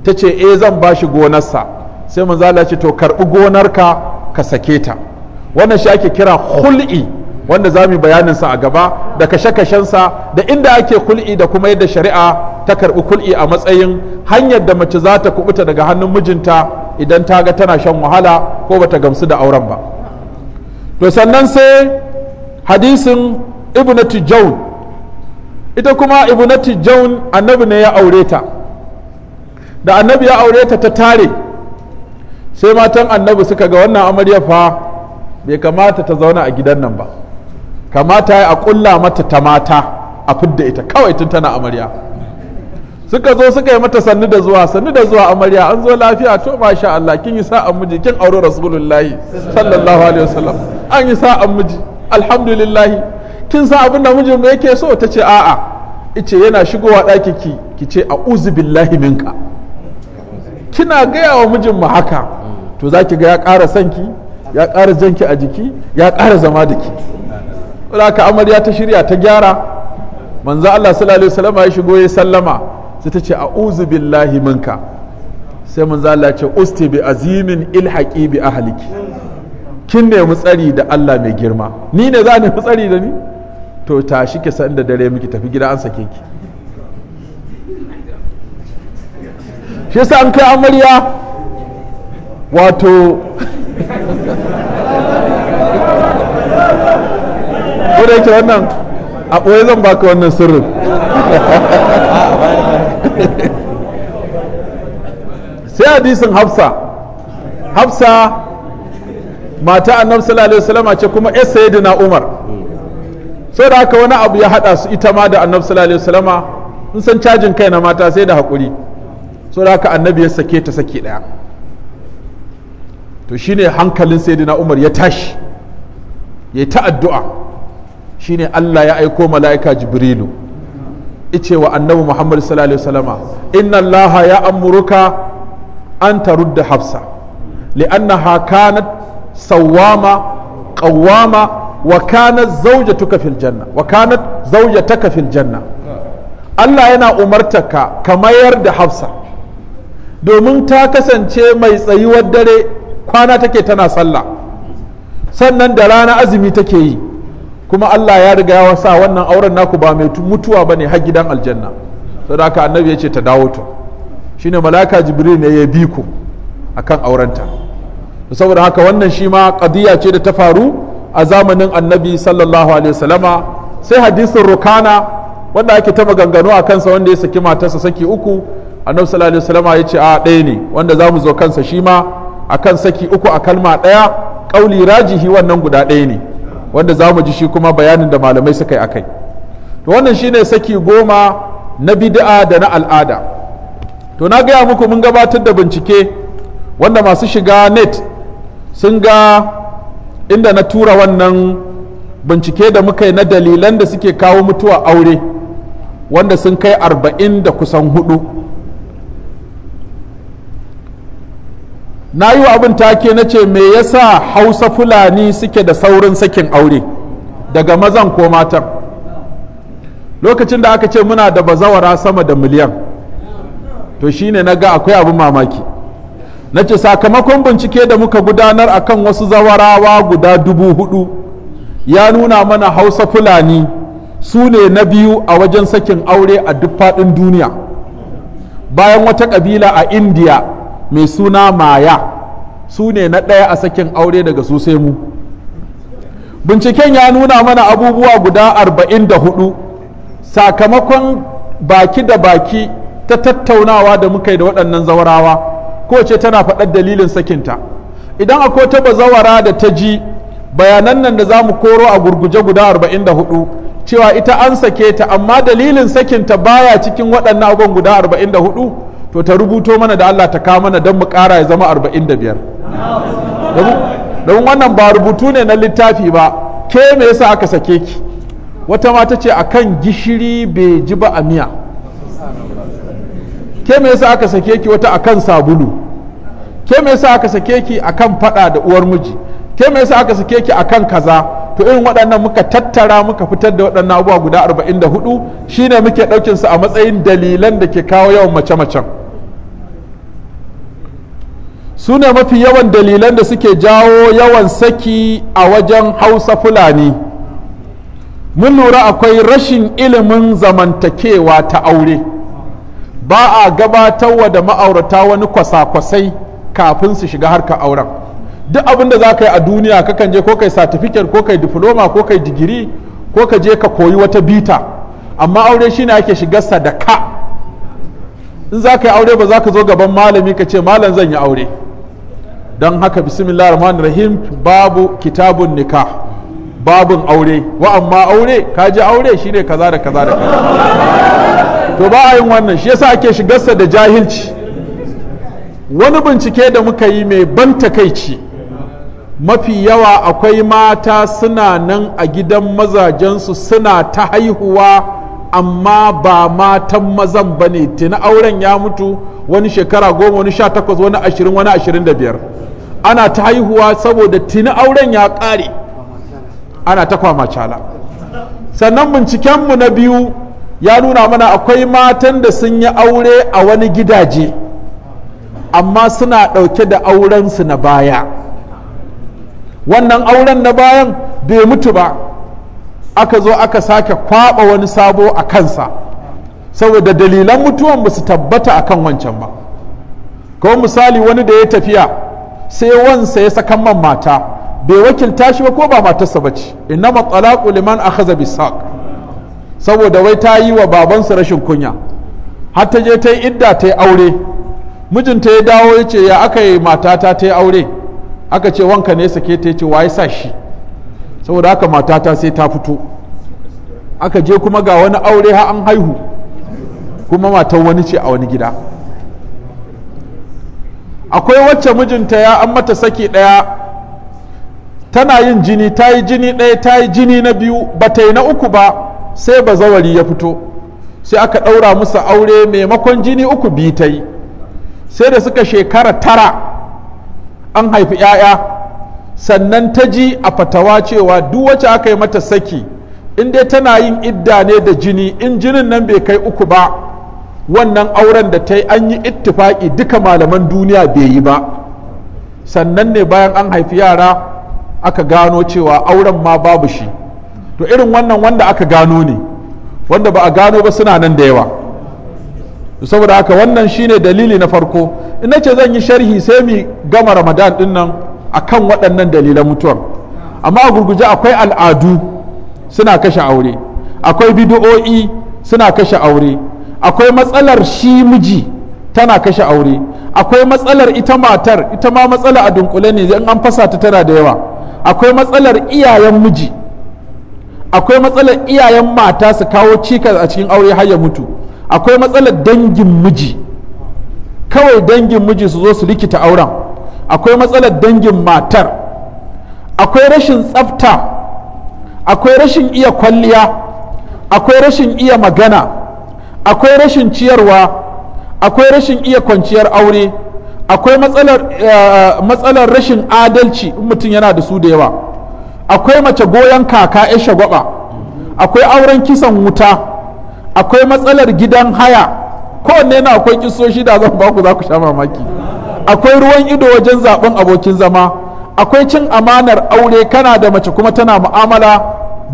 ta ce e zan ba shi gonarsa sai manzala ce to karɓi gonarka ka sake ta wannan shi ake kira hul'i wanda za mu bayanin sa a gaba da kashe-kashensa da inda ake kul'i da kuma yadda shari'a ta karbi kul'i a matsayin hanyar da mace za ta kubuta daga hannun mijinta idan ta ga tana shan wahala ko bata gamsu da auren ba to sannan sai hadisin ibnati jaun ita kuma ibnati jaun annabi ne ya aure ta da annabi ya aure ta ta tare sai matan annabi suka ga wannan amaryar fa bai kamata ta zauna a gidan nan ba kamata ya a kulla mata ta mata a fidda ita kawai tun tana amarya suka zo suka yi mata sannu da zuwa sannu da zuwa amarya an zo lafiya to masha Allah kin yi sa'an miji kin auro rasulullahi sallallahu alaihi wasallam an yi sa'an miji alhamdulillah kin sa abin da mijin mu yake so tace a'a ice yana shigowa daki ki ki ce a'udhu billahi minka kina gaya wa mijin mu haka to zaki ga ya ƙara sanki ya ƙara janki a jiki ya ƙara zama da ki ka amarya ta shirya ta gyara manzo Allah sallallahu alaihi wasallam ya shigo ya sallama sai ta ce a'udhu billahi minka sai manzo Allah ya ce usti bi azimin ilhaqi bi ahliki kin nemi tsari da Allah mai girma ni ne za nemi tsari da ni to tashi ki san da dare miki tafi gida an sake ki shi an kai amarya wato ko da yake wannan a ɓoye zan baka wannan sirrin sai hadisin hafsa hafsa mata annabi sallallahu alaihi wasallam ce kuma yar sayyidina umar sai da haka wani abu ya hada su ita ma da annabi sallallahu alaihi wasallam in san cajin kai na mata sai da hakuri Sai da haka annabi ya sake ta sake daya to shine hankalin sayyidina umar ya tashi ya ta addu'a shine allah ya aiko mala'ika jibrilu ice wa annabi muhammad sallallahu alaihi inna allaha ya amuruka an tarudda hafsa li'annaha kanat sawwama qawwama wa kanat zawjatuka fil janna wa kanat zawjataka fil janna allah yana umartaka ka mayar da hafsa domin ta kasance mai tsayuwar dare kwana take tana sallah sannan da rana azumi take yi kuma Allah ya riga ya wasa wannan auren naku ba mai mutuwa ba ne har gidan aljanna saboda haka annabi ya ce ta dawo to shine malaka jibril ne ya bi ku akan aurenta saboda haka wannan shi ma qadiya ce da ta faru a zamanin annabi sallallahu alaihi wasallama sai hadisin rukana wanda ake ta maganganu a kansa wanda ya saki matarsa saki uku annabi sallallahu alaihi wasallama ya ce a ɗaya ne wanda za mu zo kansa shi ma akan saki uku a kalma ɗaya ƙauli rajihi wannan guda ɗaya ne wanda za mu ji shi kuma bayanin da malamai suka yi a kai to wannan shine saki goma na bid'a da na al'ada to na gaya muku mun gabatar da bincike wanda masu shiga net sun ga inda na tura wannan bincike da muka yi na dalilan da suke kawo mutuwa aure wanda sun kai arba'in da kusan hudu na yi wa abin take na ce me yasa hausa fulani suke da saurin sakin aure daga mazan ko matan lokacin da aka ce muna da bazawara sama da miliyan to shine na ga akwai abin mamaki na ce sakamakon bincike da muka gudanar a kan wasu zawarawa guda dubu hudu ya nuna mana hausa fulani su ne na biyu a wajen sakin aure a duk faɗin duniya bayan wata ƙabila a indiya mai suna maya su ne na ɗaya a sakin aure daga su sai mu binciken ya nuna mana abubuwa guda arba'in sakamakon baki da baki ta tattaunawa da muka yi da waɗannan zawarawa kowace tana faɗar dalilin sakinta idan akwai ta zawara da ta ji bayanan nan da za mu koro a gurguje guda arba'in cewa ita an sake ta amma dalilin sakinta baya cikin waɗannan abubuwan guda arba'in to ta rubuto mana da Allah ta kawo mana don mu ƙara ya zama 45 don wannan ba rubutu ne na littafi ba ke me yasa aka sake ki wata mata ce akan gishiri bai ji ba a miya ke me yasa aka sake ki wata akan sabulu ke me yasa aka sake ki akan fada da uwar miji ke me yasa aka sake ki akan kaza to irin waɗannan muka tattara muka fitar da waɗannan abubuwa guda 44 shine muke ɗaukinsu a matsayin dalilan da ke kawo yawan mace-macen. su ne mafi yawan dalilan da suke jawo yawan saki a wajen hausa fulani mun lura akwai rashin ilimin zamantakewa ta aure ba a gabatarwa da ma'aurata wani kwasa-kwasai kafin su shiga harkar auren duk abin da za ka yi a duniya kakan je ko kai satifiket ko kai diploma ko kai digiri ko ka je ka koyi wata bita amma aure shine ake shiga sadaka in za ka yi aure ba za ka zo gaban malami ka ce malam zan yi aure don haka bismillah rahman rahim babu kitabun nikah babun aure wa amma aure kaji aure shine kaza da kaza da kaza to ba a yin wannan shi yasa ake shigarsa da jahilci wani bincike da muka yi mai ban takaici mafi yawa akwai mata suna nan a gidan mazajensu suna ta haihuwa amma ba matan mazan ba ne tuni auren ya mutu wani shekara goma wani sha takwas wani ashirin wani ashirin da biyar ana ta haihuwa saboda tuni auren ya ƙare ana ta kwama cala sannan bincikenmu na biyu ya nuna mana akwai matan da sun yi aure a wani gidaje amma suna ɗauke da aurensu na baya wannan auren na bayan bai mutu ba aka zo aka sake kwaɓa wani sabo a kansa saboda dalilan mutuwan ba su tabbata a kan wancan ba kawai misali wani da ya tafiya sai wansa ya sakan man mata bai wakilta shi ba ko ba matarsa ba ce innama talaqu liman a haza bisaq saboda wai ta yi wa babansa rashin kunya har ta je ta yi idda ta yi aure mijinta ya dawo ya ce ya aka yi matata ta yi aure aka ce wanka ne sake ta ce waye sa shi saboda haka matata sai ta fito aka je kuma ga wani aure ha an haihu kuma matan wani ce a wani gida akwai wacce mijinta ya an mata saki ɗaya tana yin jini ta yi jini ɗaya ta yi jini na biyu ba ta yi na uku ba sai ba zawari ya fito sai aka ɗaura musu aure maimakon jini uku biyu ta yi sai da suka shekara tara an haifi 'ya'ya sannan ta ji a fatawa cewa duk wacce aka yi mata saki in dai tana yin idda ne da jini in jinin nan bai kai uku ba wannan auren da ta yi an yi ittifaki duka malaman duniya bai yi ba sannan ne bayan an haifi yara aka gano cewa auren ma babu shi to irin wannan wanda aka gano ne wanda ba a gano ba suna nan da yawa saboda haka wannan shine dalili na farko Ina ce zan yi sharhi sai mu gama ramadan din nan a kan waɗannan dalilan mutuwar amma a gurguje akwai al'adu suna kashe aure akwai bidi'o'i suna kashe aure akwai matsalar shi miji tana kashe aure akwai matsalar ita matar ita ma matsala a dunkule ne in an fasa ta tana da yawa akwai matsalar iyayen miji akwai matsalar iyayen mata su kawo cikas a cikin aure har ya mutu akwai matsalar dangin miji kawai dangin miji su zo su likita auren akwai matsalar dangin matar akwai rashin tsafta akwai rashin iya kwalliya akwai rashin iya magana akwai rashin ciyarwa akwai rashin iya kwanciyar aure akwai eh, matsalar rashin adalci in mutum yana da su da yawa akwai mace goyon kaka ya shagwaba akwai auren kisan wuta akwai matsalar gidan haya kowanne na akwai kisoshi da zan baku za ku sha mamaki akwai ruwan ido wajen zaben abokin zama akwai cin amanar aure kana da mace kuma tana mu'amala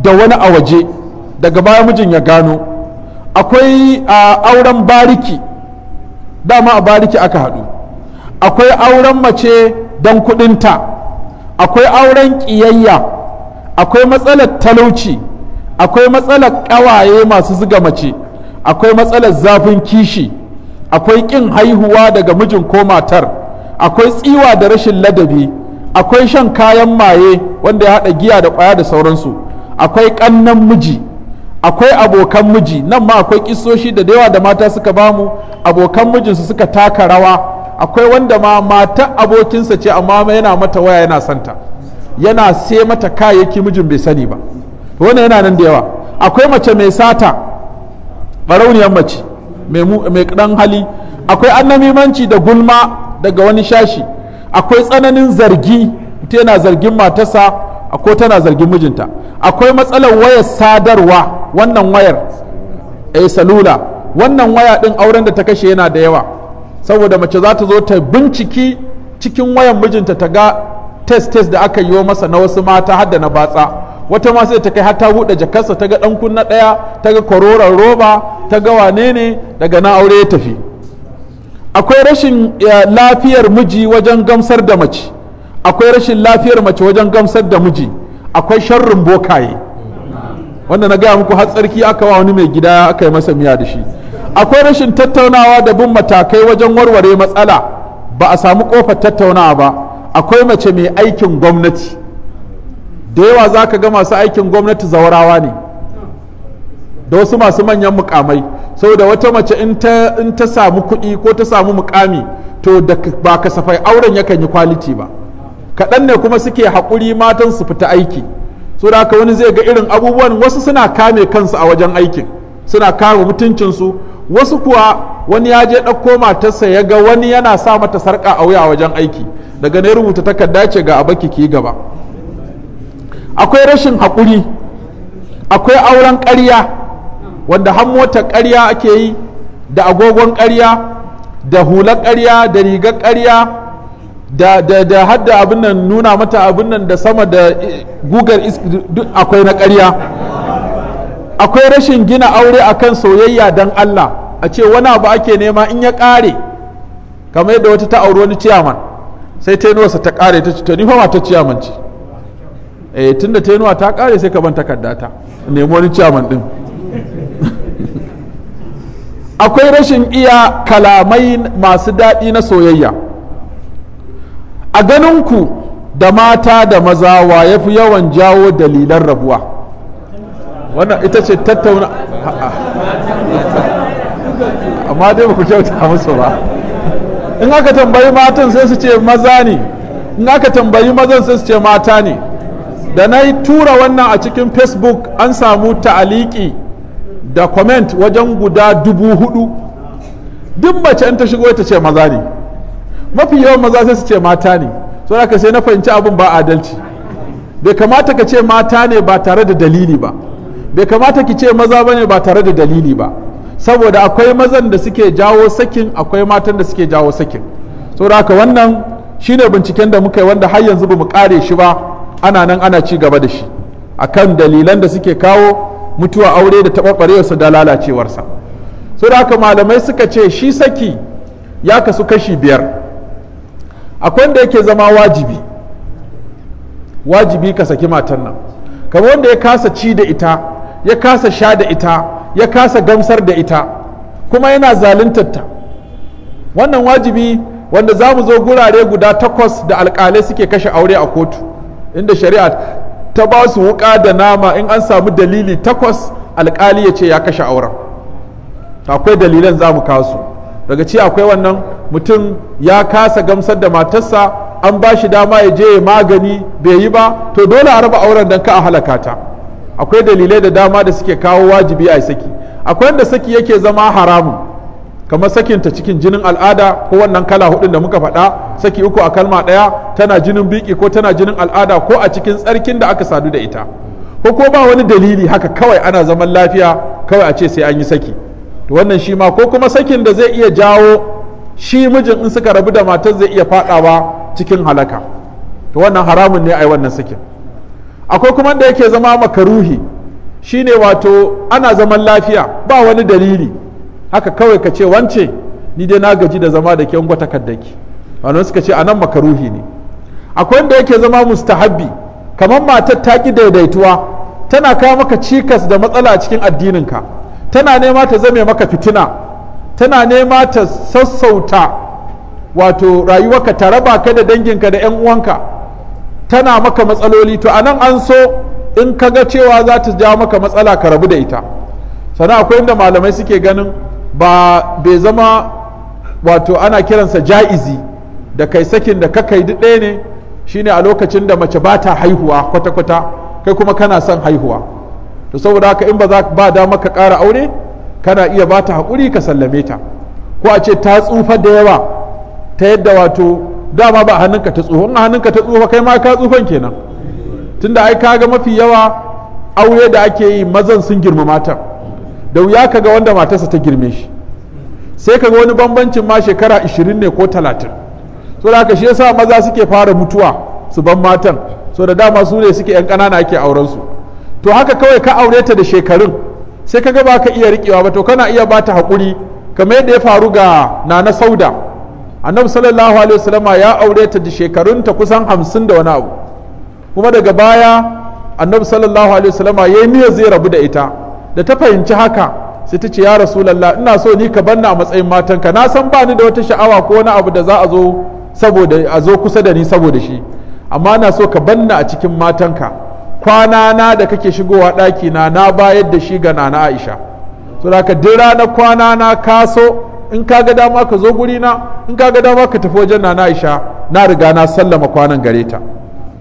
da wani a waje daga baya mijin ya gano akwai auren bariki dama a bariki aka haɗu akwai auren mace don kuɗinta akwai auren ƙiyayya akwai matsalar talauci akwai matsalar ƙawaye masu zuga mace akwai matsalar zafin kishi akwai ƙin haihuwa daga mijin ko matar akwai tsiwa da rashin ladabi akwai shan kayan maye wanda ya haɗa giya da ƙwaya da sauransu akwai ƙannan miji akwai abokan miji nan ma akwai kisoshi da yawa da mata suka bamu abokan mijinsu suka taka rawa akwai wanda ma mata abokinsa ce amma yana mata waya yana santa yana sai mata kayayyaki mijin bai sani ba wannan yana nan da yawa akwai mace mai sata barauniyar mace mai dan hali akwai annamimanci da gulma daga wani shashi akwai tsananin zargi ta yana zargin matarsa ko tana zargin mijinta akwai matsalar wayar sadarwa wannan wayar a eh, salula wannan waya ɗin auren da ta kashe yana da yawa saboda mace za ta zo ta binciki cikin wayan mijinta ta ga test test da aka yi wa masa na wasu mata hadda na batsa wata masu ta kai hatta ta buɗe jakarsa ta ga ɗan kunna ɗaya ta ga kwaroron roba ta ga wane ne daga na aure ya tafi akwai rashin eh, lafiyar miji wajen gamsar da mace akwai rashin lafiyar mace wajen gamsar da miji akwai sharrin bokaye wanda na gaya muku har tsarki aka wa wani mai gida aka yi masa miya da shi akwai rashin tattaunawa da bin matakai wajen warware matsala ba a samu kofar tattaunawa ba akwai mace mai aikin gwamnati da yawa za ka ga masu aikin gwamnati zawarawa ne da wasu masu manyan mukamai saboda wata mace in ta samu kuɗi ko ta samu mukami to da ba kasafai auren yakan yi kwaliti ba kaɗan ne kuma suke haƙuri matan su fita aiki so da haka wani zai ga irin abubuwan wasu suna kame kansu a wajen aikin suna kame mutuncinsu wasu kuwa wani ya je ɗauko matarsa ya ga wani yana sa mata sarƙa a wuya a wajen aiki daga ne rubuta takarda ce ga abaki ki gaba akwai rashin haƙuri akwai auren ƙarya wanda har motar ƙarya ake yi da agogon ƙarya da hular ƙarya da rigar ƙarya da hadda abin nan nuna mata abin nan da sama da e, gugar duk akwai na ƙarya akwai rashin gina aure akan soyayya don Allah a ce wani abu ake nema in ya ƙare kamar yadda wata ta auri wani ciyaman sai tenuwarsa ta ƙare ta kare ta ni fa ta ciyaman ce eh tunda tenuwa ta ƙare sai ka ban takarda ta nemi wani ciyaman din akwai rashin iya kalamai masu daɗi na soyayya a ganinku da mata da maza wa ya fi yawan jawo dalilan rabuwa wannan ita ce tattauna amma dai ba ku kyauta musu ba in aka tambayi matan sai su ce maza ne in aka tambayi mazan sai su ce mata ne da na yi tura wannan a cikin facebook an samu ta'aliki da comment wajen guda dubu hudu duk mace in ta shigo ta ce maza ne mafi yawan maza sai su ce mata ne so haka sai na fahimci abin ba adalci bai kamata ka ce mata ne ba tare da dalili ba bai kamata ki ce maza ba ne ba tare da dalili ba saboda akwai mazan da suke jawo sakin akwai matan da suke jawo sakin saboda haka wannan shine binciken da muka yi wanda har yanzu ba mu kare shi ba ana nan ana ci gaba da shi akan dalilan da suke kawo mutuwa aure da taɓarɓarewarsa da lalacewarsa saboda haka malamai suka ce shi saki ya kasu kashi biyar akwai wanda yake zama wajibi wajibi ka saki matan nan kamar wanda ya kasa ci da ita ya kasa sha da ita ya kasa gamsar da ita kuma yana ta wannan wajibi wanda za mu zo gurare guda takwas da alkalai suke kashe aure a kotu inda shari'a ta ba su wuka da nama in an samu dalili takwas alkali ya ce ya kashe auren akwai dalilan za mu kasu daga ci akwai wannan mutum ya kasa gamsar da matarsa an ba shi dama ya je ya magani bai yi ba to dole a raba auren don ka a halaka ta akwai dalilai da dama da suke kawo wajibi a saki akwai wanda saki yake zama haramun kamar ta cikin jinin al'ada ko wannan kala hudun da muka faɗa saki uku a kalma ɗaya tana jinin biki ko tana jinin al'ada ko a cikin tsarkin da aka sadu da ita ko ko ba wani dalili haka kawai ana zaman lafiya kawai a ce sai an yi saki to wannan shi ma ko kuma sakin da zai iya jawo shi mijin in suka rabu da matar zai iya fadawa cikin halaka to wannan haramun ne ai wannan sakin akwai kuma da yake zama makaruhi ne wato ana zaman lafiya ba wani dalili haka kawai ka ce wance ni dai na gaji da zama da ke ungwa kaddaki wannan suka ce anan makaruhi ne akwai da yake zama mustahabbi kamar matar ta ki daidaituwa tana kawo maka cikas da matsala a cikin addininka tana nema ta zame maka fitina tana nema ta sassauta wato rayuwarka ta raba ka da danginka da 'yan uwanka tana maka matsaloli to anan an so in ka ga cewa za ta ja maka matsala ka rabu da ita sana akwai inda malamai suke ganin ba bai zama wato ana kiransa ja'izi da kai sakin da ka kai ɗaya ne shine a lokacin da mace ba ta haihuwa kwata-kwata kai kuma kana son haihuwa to saboda haka in ba za ba dama ka ƙara aure kana iya ba ta haƙuri ka sallame ta ko a ce ta tsufa da yawa ta yadda wato dama ba hannunka ta tsufa in hannunka ta tsufa kai ma ka tsufan kenan tunda ai kaga mafi yawa aure da ake yi mazan sun girma matan da wuya ka ga wanda matarsa ta girme shi sai ka ga wani bambancin ma shekara 20 ne ko 30 saboda haka shi yasa maza suke fara mutuwa su ban matan saboda dama su ne suke yan ƙanana ake auren su to haka kawai ka aure ta da shekarun sai ka ba ka iya riƙewa ba to kana iya ba ta haƙuri kamar yadda ya faru ga nana sauda annabi sallallahu alaihi wasallama ya aure ta da ta kusan hamsin da wani abu kuma daga baya annabi sallallahu alaihi wasallama ya yi niyyar zai rabu da ita da ta fahimci haka sai ta ce ya lalla, ina so ni ka banna a matsayin matanka na san ba ni da wata sha'awa ko wani abu da za a zo saboda a zo kusa da ni saboda shi amma na so ka banna a cikin matanka kwana na da kake shigowa ɗaki na na bayar da shi ga nana aisha so da ka dira na kwana na kaso in ka ga dama ka zo guri na in ka ga dama ka tafi wajen nana aisha na riga na sallama kwanan gare ta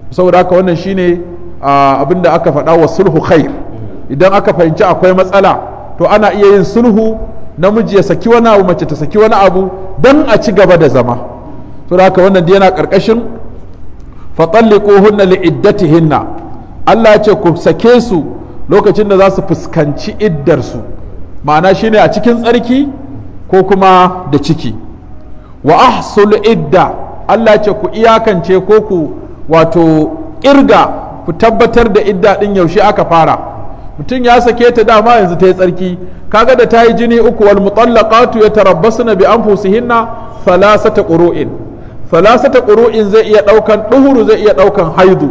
saboda haka wannan shine abin da aka faɗa wa sulhu khair idan aka fahimci akwai matsala to ana iya yin sulhu namiji ya saki wani abu mace ta saki wani abu don a ci gaba da zama saboda haka wannan yana ƙarƙashin fatalliquhunna liiddatihinna Allah ce ku sake su lokacin da za su fuskanci iddarsu ma'ana shine a cikin tsarki ko kuma da ciki wa ahsul idda Allah ce ku iyakance ko ku wato irga ku tabbatar da idda din yaushe aka fara mutum ya sake ta dama yanzu ta yi tsarki kaga da ta yi jini uku wal mutallaqatu yatarabbasna bi anfusihinna thalathata qurun thalathata qurun zai iya daukan duhuru zai iya daukan haidu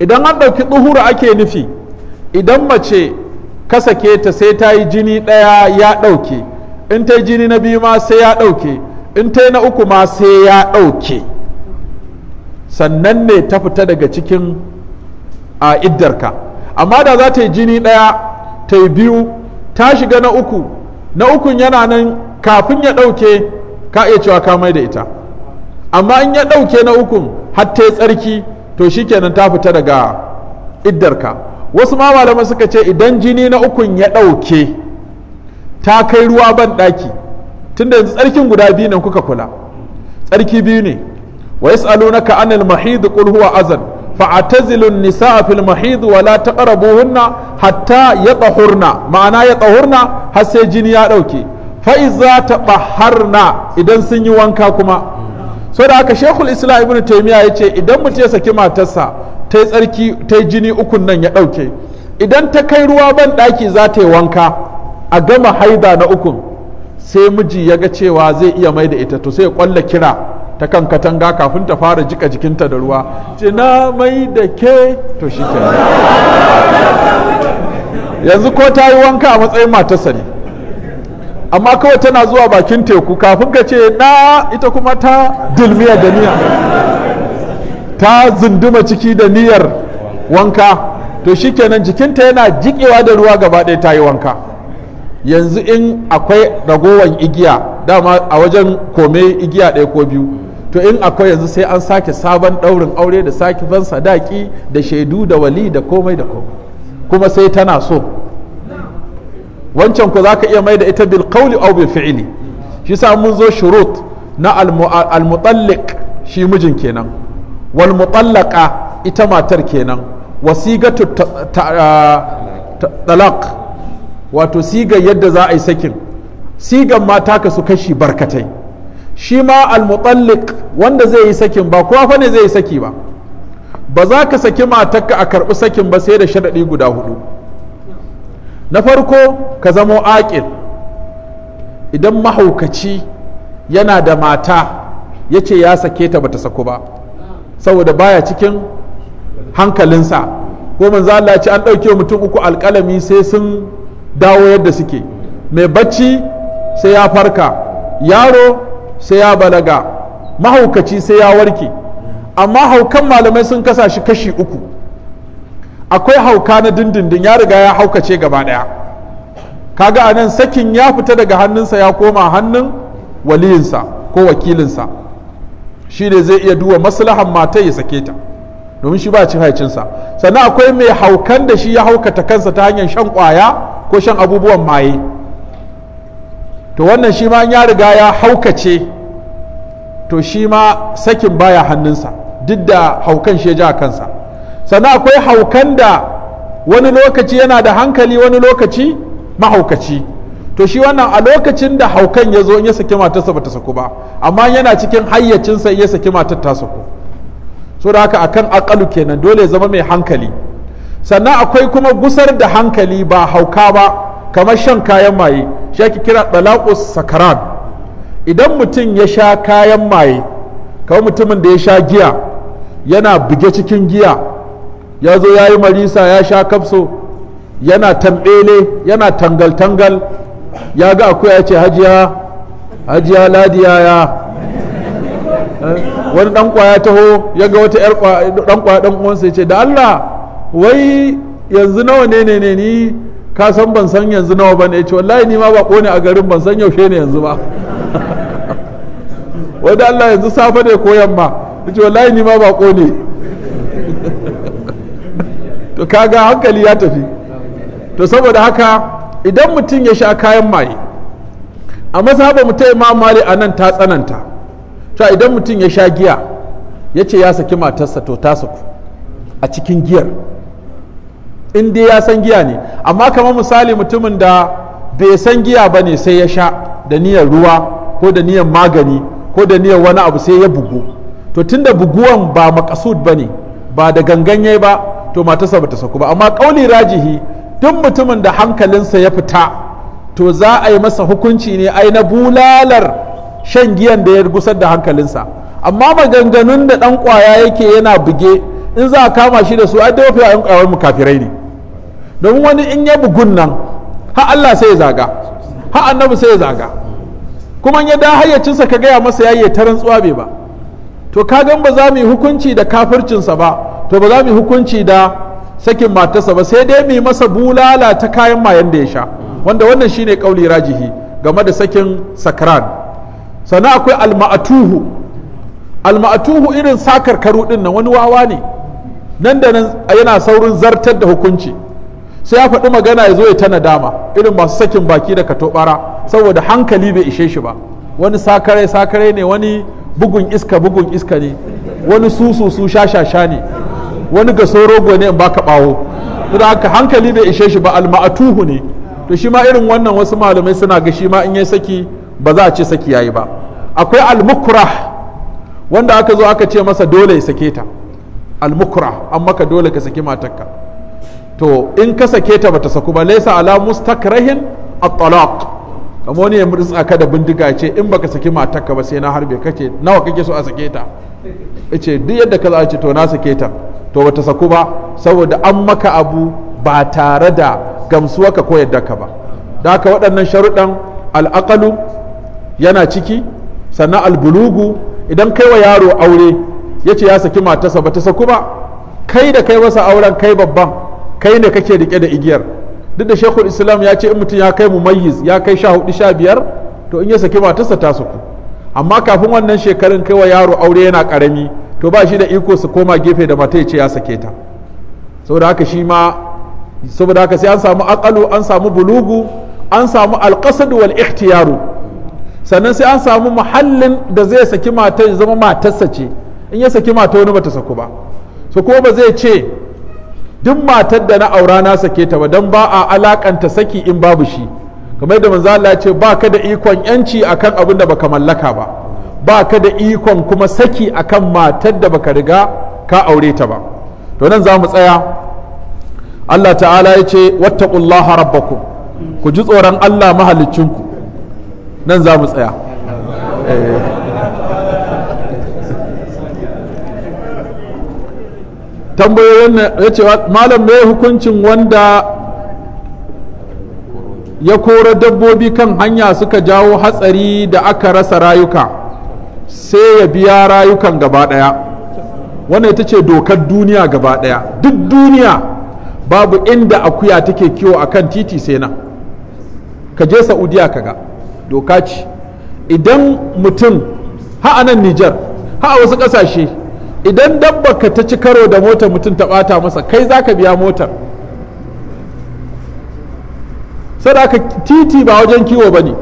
idan an ɗauki tsuhura ake nufi idan mace ka sake ta sai ta yi jini ɗaya ya ɗauke in ta yi jini na biyu ma sai ya ɗauke in ta yi na uku ma sai ya ɗauke sannan ne ta fita daga cikin a iddarka amma da za ta yi jini ɗaya ta yi biyu ta shiga na uku na ukun yana nan kafin ya ɗauke ka iya cewa ka mai da ita amma in ya ɗauke na ukun har ta yi tsarki to shikenan ta fita daga iddarka wasu ma malaman suka ce idan jini na ukun ya ɗauke ta kai ruwa ban daki tunda yanzu tsarkin guda biyu ne kuka kula tsarki biyu ne wa yasalu na ka anil mahidu qul huwa azan fa atazilu nisaa fil mahidu wa la taqrabuhunna hatta yatahurna ma'ana yatahurna har sai jini ya ɗauke fa iza na idan sun yi wanka kuma Sau da aka shekul islam ibn taimiya ya ce idan mutum ya saki matarsa ta yi tsarki ta yi jini ukun nan ya ɗauke idan ta kai ruwa ban ɗaki za ta yi wanka a gama haida na ukun sai miji ya ga cewa zai iya mai da ita to sai ya kwalla kira ta kan katanga kafin ta fara jika jikinta da ruwa ce na mai da ke to shi yanzu ko ta yi wanka a matsayin matarsa ne amma kawai tana zuwa bakin teku kafin ka ce na ita kuma ta dilmiya da niyya ta zunduma ciki da niyyar wanka to shi shikenan jikinta yana jikewa da ruwa gaba ɗaya ta yi wanka yanzu in akwai ragowar igiya dama a wajen kome igiya ɗaya ko biyu to in akwai yanzu sai an sake sabon ɗaurin aure da sake ban sadaki da shaidu da wali da komai da komai kuma sai tana so wancan ku zaka iya mai da ita bil qawli aw bil fi'li shi sa mun zo shurut na al mutalliq shi mijin kenan wal mutallaqa ita matar kenan wasigatu talaq wato siga yadda za a yi sakin sigan mata ka su kashi barkatai shi ma al mutalliq wanda zai yi sakin ba kowa fa ne zai yi saki ba ba za ka saki matarka a karɓi sakin ba sai da sharaɗi guda hudu na farko ka zamo aƙil idan mahaukaci yana da mata ya ce ya sake ta bata saku ba saboda baya cikin hankalinsa ko manzo Allah ya ce an ɗauke mutum uku alƙalami sai sun dawo yadda suke mai bacci sai ya farka yaro sai ya balaga mahaukaci sai ya warke amma haukan malamai sun kasa shi kashi uku akwai hauka na dindindin ya riga ya haukace gaba daya kaga anan sakin ya fita daga hannunsa ya koma hannun waliyinsa ko wakilinsa shi ne zai iya duba maslahan matai ya sake ta domin shi ba cin haicinsa sannan akwai mai haukan da shi ya haukata kansa ta hanyar shan kwaya ko shan abubuwan maye to wannan shi ma ya riga ya haukace to shi ma sakin baya hannunsa duk da haukan shi ya ja kansa sannan akwai haukan da wani lokaci yana da hankali wani lokaci mahaukaci to shi wannan a lokacin da haukan ya zo in ya saki matarsa ba ta saku ba amma yana cikin hayyacinsa ya saki matar ta saku so da haka akan akalu kenan dole ya zama mai hankali sannan akwai kuma gusar da hankali ba hauka ba kamar shan kayan maye shi ake kira dalakus sakaran idan mutum ya sha kayan maye kamar mutumin da ya sha giya yana buge cikin giya ya zo ya yi marisa ya sha kafso yana tambele yana tangal-tangal ya ga akwai ya ce hajiya hajiya ladiya ya eh, wani dan kwaya taho ya ga wata yar dan kwaya dan uwansa ya ce da Allah wai yanzu nawa ne ne ne ni ka san ban san yanzu nawa ba ne ya ce wallahi ni ma ba ne a garin ban san yaushe ne yanzu ba da Allah yanzu safe ne ko yamma ya ce wallahi ni ma ba ne to kaga hankali ya tafi to saboda haka idan mutum ya sha kayan maye a mazhabar mu ta imam a nan ta tsananta to idan mutum ya sha giya ya ce ya saki matarsa to ta saku a cikin giyar in dai ya san giya ne amma kamar misali mutumin da bai san giya ba ne sai ya sha da niyan ruwa ko da niyan magani ko da niyan wani abu sai ya bugu to tunda buguwan ba makasud ba ne ba da gangan ba to matarsa ta saku ba amma kauli rajihi duk mutumin da hankalinsa ya fita to za a yi masa hukunci ne ai na bulalar shan giyan da ya gusar da hankalinsa amma maganganun da dan kwaya yake yana buge in za a kama shi da su a dafa yan mu kafirai ne domin wani in ya bugun nan ha Allah sai ya zaga ha annabi sai ya zaga kuma ya da hayyacinsa ka gaya masa yayi ta rantsuwa bai ba to ka gan ba za mu yi hukunci da kafircinsa ba to ba za mu hukunci da sakin matarsa ba sai dai mu masa bulala ta kayan mayan da ya sha wanda wannan shine kauli rajihi game da sakin sakran sannan akwai alma'atuhu alma'atuhu irin sakar karu din nan wani wawa ne nan da nan yana saurin zartar da hukunci sai ya faɗi magana ya zo ya ta nadama irin masu sakin baki da katobara saboda hankali bai ishe shi ba wani sakare sakare ne wani bugun iska bugun iska ne wani susu su sha sha ne wani ga rogo ne in baka bawo da haka hankali bai ishe shi ba alma'atuhu ne to shi ma irin wannan wasu malamai suna ga shi ma in yi saki ba za a ce saki yayi ba akwai almukrah wanda aka zo aka ce masa dole ya sake ta almukrah an maka dole ka saki matarka to in ka sake ta bata saku ba laisa ala mustakrahin at-talaq kamar wani ya murtsa ka da bindiga ce in baka saki matarka ba sai na harbe kace nawa kake so a sake ta ce duk yadda ka za a ce to na sake ta to bata saku ba saboda an maka abu ba tare da gamsuwa ka ko yadda ka ba da haka waɗannan sharuɗan al'aƙalu yana ciki sannan albulugu idan kai wa yaro aure ya ce ya saki matarsa ba ta saku ba kai da kai masa auren kai babban kai ne kake rike da igiyar duk da shekul islam ya ce in mutum ya kai mu mumayyiz ya kai sha hudu sha biyar to in ya saki matarsa ta saku amma kafin wannan shekarun kai wa yaro aure yana karami to ba shi da iko su koma gefe da mata ya ce ya sake ta saboda haka shi ma saboda haka sai an samu akalu an samu bulugu an samu alqasad wal ikhtiyaru sannan sai an samu muhallin da zai saki mata ya zama matarsa ce in ya saki mata wani bata saku ba so ko ba zai ce duk matar da na aura na sake ta ba dan ba a alakanta saki in babu shi kamar da manzo Allah ya ce ba ka da ikon yanci akan abin da baka mallaka ba ba ka da ikon kuma saki akan matar da baka riga ka aure ta ba to nan za mu tsaya Allah ta'ala ya ce wattaqullaha rabbakum ku ji tsoron Allah mahalicinku nan za mu tsaya eh. tambayoyin ya ce malam mai hukuncin wanda ya kora dabbobi kan hanya suka jawo hatsari da aka rasa rayuka sai ya biya rayukan gaba ɗaya wannan ita ce dokar duniya gaba ɗaya duk duniya babu inda akuya take kiwo a kan titi sai nan ka je saudiya ka ga doka ce idan mutum ha nan nijar ha a wasu ƙasashe idan dabba ka ta ci karo da motar mutum ta ɓata masa kai za ka biya motar sadaka titi ba wajen kiwo ba ne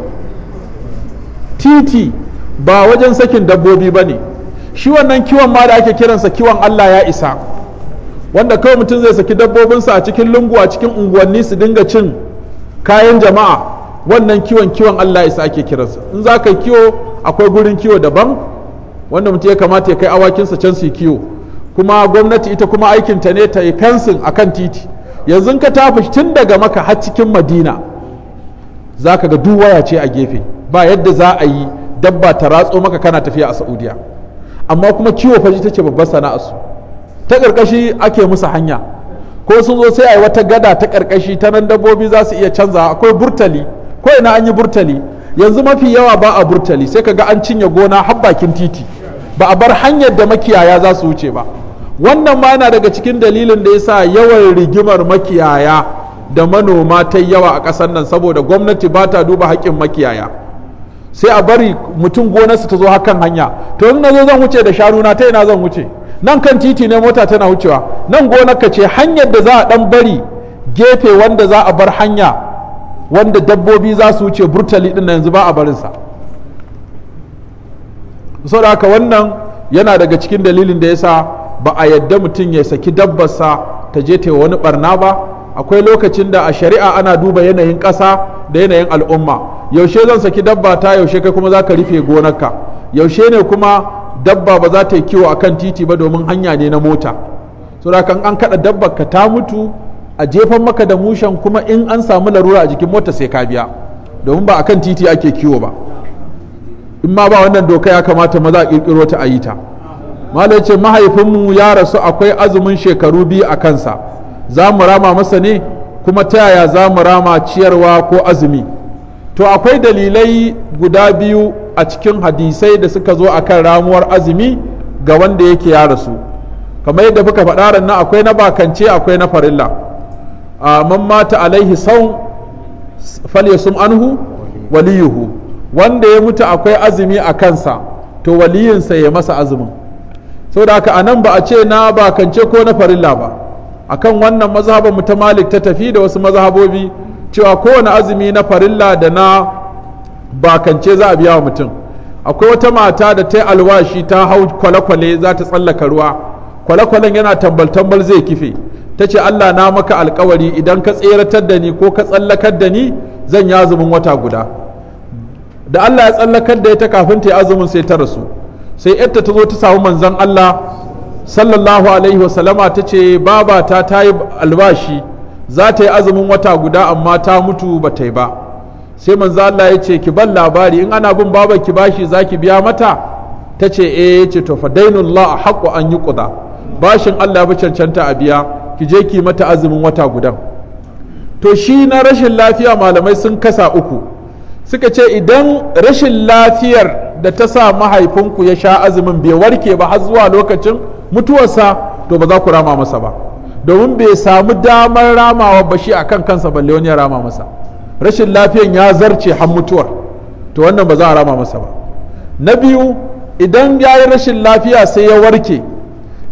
titi ba wajen sakin dabbobi ba ne shi wannan kiwon ma da ake kiransa kiwon Allah ya isa wanda kawai mutum zai saki dabbobinsa a cikin lungu a cikin unguwanni su dinga cin kayan jama'a wannan kiwon kiwon Allah isa ake kiransa in za ka kiwo akwai gurin kiwo daban wanda mutum ya kamata ya kai awakinsa can su kiwo kuma gwamnati ita kuma aikinta ne ta yi fensin a kan titi yanzu ka tafi tun daga maka har cikin madina za ka ga duwaya ce a gefe ba yadda za a yi dabba ta ratso maka kana tafiya a saudiya amma kuma kiwo fashi ta ce babbar sana'a su ta ƙarƙashi ake musu hanya ko sun zo sai a yi wata gada ta ƙarƙashi ta nan dabbobi za su iya canza akwai burtali ko ina an yi burtali yanzu mafi yawa ba a burtali sai ka ga an cinye gona har bakin titi ba a bar hanyar da makiyaya za su wuce ba wannan ma yana daga cikin dalilin da ya sa yawan rigimar makiyaya da manoma ta yawa a ƙasar nan saboda gwamnati ba ta duba haƙƙin makiyaya sai a bari mutum gonarsa ta zo hakan hanya to in na zo zan wuce da sharuna ta ina zan wuce nan kan titi ne mota tana wucewa nan ka ce hanyar da za a dan bari gefe wanda za a bar hanya wanda dabbobi za su wuce burtali din yanzu ba a barinsa saboda haka wannan yana daga cikin dalilin da yasa ba a yadda mutum ya saki dabbarsa ta je ta wani barna ba akwai lokacin da a shari'a ana duba yanayin ƙasa da yanayin al'umma yaushe zan saki dabba ta yaushe kai kuma za ka rufe gonarka yaushe ne kuma dabba ba za ta yi kiwo akan titi ba domin hanya ne na mota so da kan an kada dabba ka ta mutu a jefan maka da mushen kuma in an samu larura a jikin mota sai ka biya domin ba akan titi ake kiwo ba in ma ba wannan doka ya kamata maza a kirkiro ta a yi ta malai ce mahaifinmu ya rasu akwai azumin shekaru biyu a kansa za mu rama masa ne kuma ta yaya za mu rama ciyarwa ko azumi to akwai dalilai guda biyu a cikin hadisai da suka zo a kan ramuwar azumi ga wanda yake ya rasu kamar yadda muka faɗa na akwai na bakance akwai na farilla man mata alaihi saun falyasum anhu waliyuhu wanda ya mutu akwai azumi a kansa to waliyinsa ya masa azumin saboda haka a nan ba a ce na bakance ko na farilla ba akan wannan mazhabar mu ta malik ta tafi da wasu mazhabobi cewa kowane azumi na farilla da na bakance za a biya wa mutum akwai wata mata da ta yi alwashi ta hau kwale-kwale za ta tsallaka ruwa kwale-kwalen yana tambal-tambal zai kife ta ce allah na maka alkawari idan ka tseratar da ni ko ka tsallakar da ni zan yi azumin wata guda da allah ya tsallakar da ita kafin ta yi azumin sai ta rasu sai yadda ta zo ta samu manzan allah sallallahu alaihi wasallama ta ce babata ta yi albashi za ta yi azumin wata guda amma ta mutu ba ta yi ba sai manzo Allah ya ce ki ban labari in ana bin babar ki bashi za ki biya mata ta ce eh ya ce to fa dainullah haqqu an yuqda bashin Allah ba cancanta a biya ki je ki mata azumin wata gudan to shi na rashin lafiya malamai sun kasa uku suka ce idan rashin lafiyar da ta sa mahaifinku ya sha azumin bai warke ba har zuwa lokacin mutuwarsa to ba za ku rama masa ba domin bai samu damar ramawa ba shi a kan kansa balle wani ya rama masa rashin lafiyan ya zarce har mutuwar to wannan ba za a rama masa ba na biyu idan ya yi rashin lafiya sai ya warke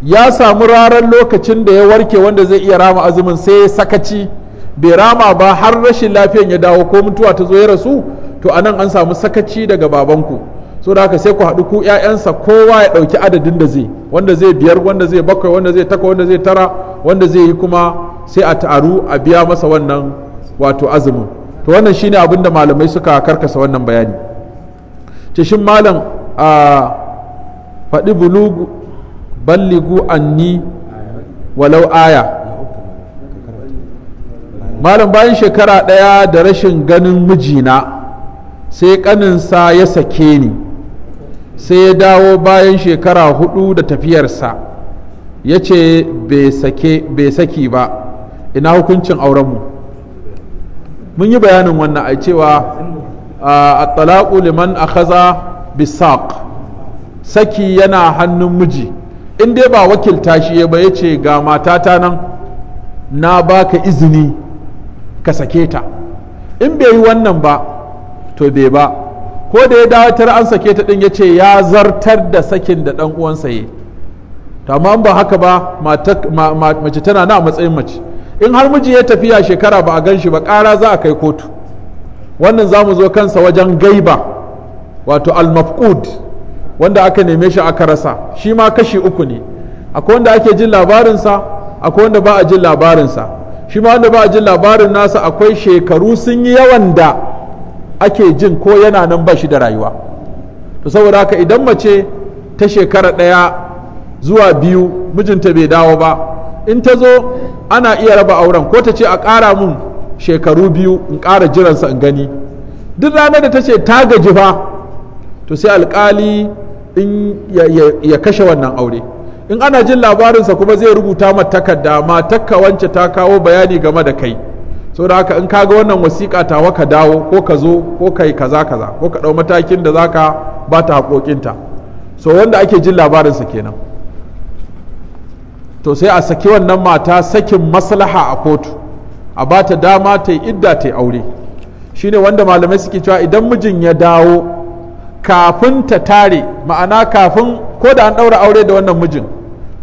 ya samu rarar lokacin da ya warke wanda zai iya rama azumin sai ya sakaci bai rama ba har rashin lafiyan ya dawo ko mutuwa ta zo ya rasu to anan an samu sakaci daga babanku so da haka sai ku haɗu ku 'ya'yansa kowa ya ɗauki adadin da zai wanda zai biyar wanda zai bakwai wanda zai takwa wanda zai tara wanda zai yi kuma sai a taru a biya masa wannan wato azumin to wannan shine abin da malamai suka karkasa wannan bayani ce shin malam a faɗi bulugu balligu anni walau aya malam bayan shekara ɗaya da rashin ganin mijina sai ƙaninsa ya sake ni sai ya dawo bayan shekara hudu da tafiyarsa ya ce bai saki ba ina hukuncin aurenmu mun yi bayanin wannan a cewa a talaku liman a kaza bisaq saki yana hannun miji in dai ba wakilta shi ya ba ya ce ga matata nan na baka izini ka sake ta in bai yi wannan ba to bai ba ko da ya dawatar an sake ta din ya ce ya zartar da sakin da ɗan uwansa yi to amma ba haka ba mace tana na matsayin mace in har miji ya tafiya shekara ba a gan shi ba ƙara za a kai kotu wannan za mu zo kansa wajen gaiba wato al al-mafqud wanda aka neme shi aka rasa shi ma kashi uku ne akwai wanda ake jin labarinsa akwai wanda ba a jin labarinsa shi ma wanda ba a jin labarin nasa akwai shekaru sun yi yawan da ake jin ko yana nan ba shi da rayuwa to saboda haka idan mace ta shekara ɗaya zuwa biyu mijinta bai dawo ba in ta zo ana iya raba auren ko ta ce a ƙara mun shekaru biyu in ƙara jiransa in gani duk ranar da ta ce ta gaji ba to sai alƙali in ya kashe wannan aure in ana jin labarinsa kuma zai rubuta ma takarda ma takka wance ta kawo bayani game da kai saboda haka in ka ga wannan wasiƙa tawa ka dawo ko ka zo ko kai kaza kaza ko ka ɗau matakin da za ka ba ta haƙoƙinta so wanda ake jin labarinsa kenan to sai a saki wannan mata sakin maslaha a kotu a ba ta dama ta yi idda ta yi aure shine wanda malamai suke cewa idan mijin ya dawo kafin ta tare ma'ana kafin ko da an ɗaura aure da wannan mijin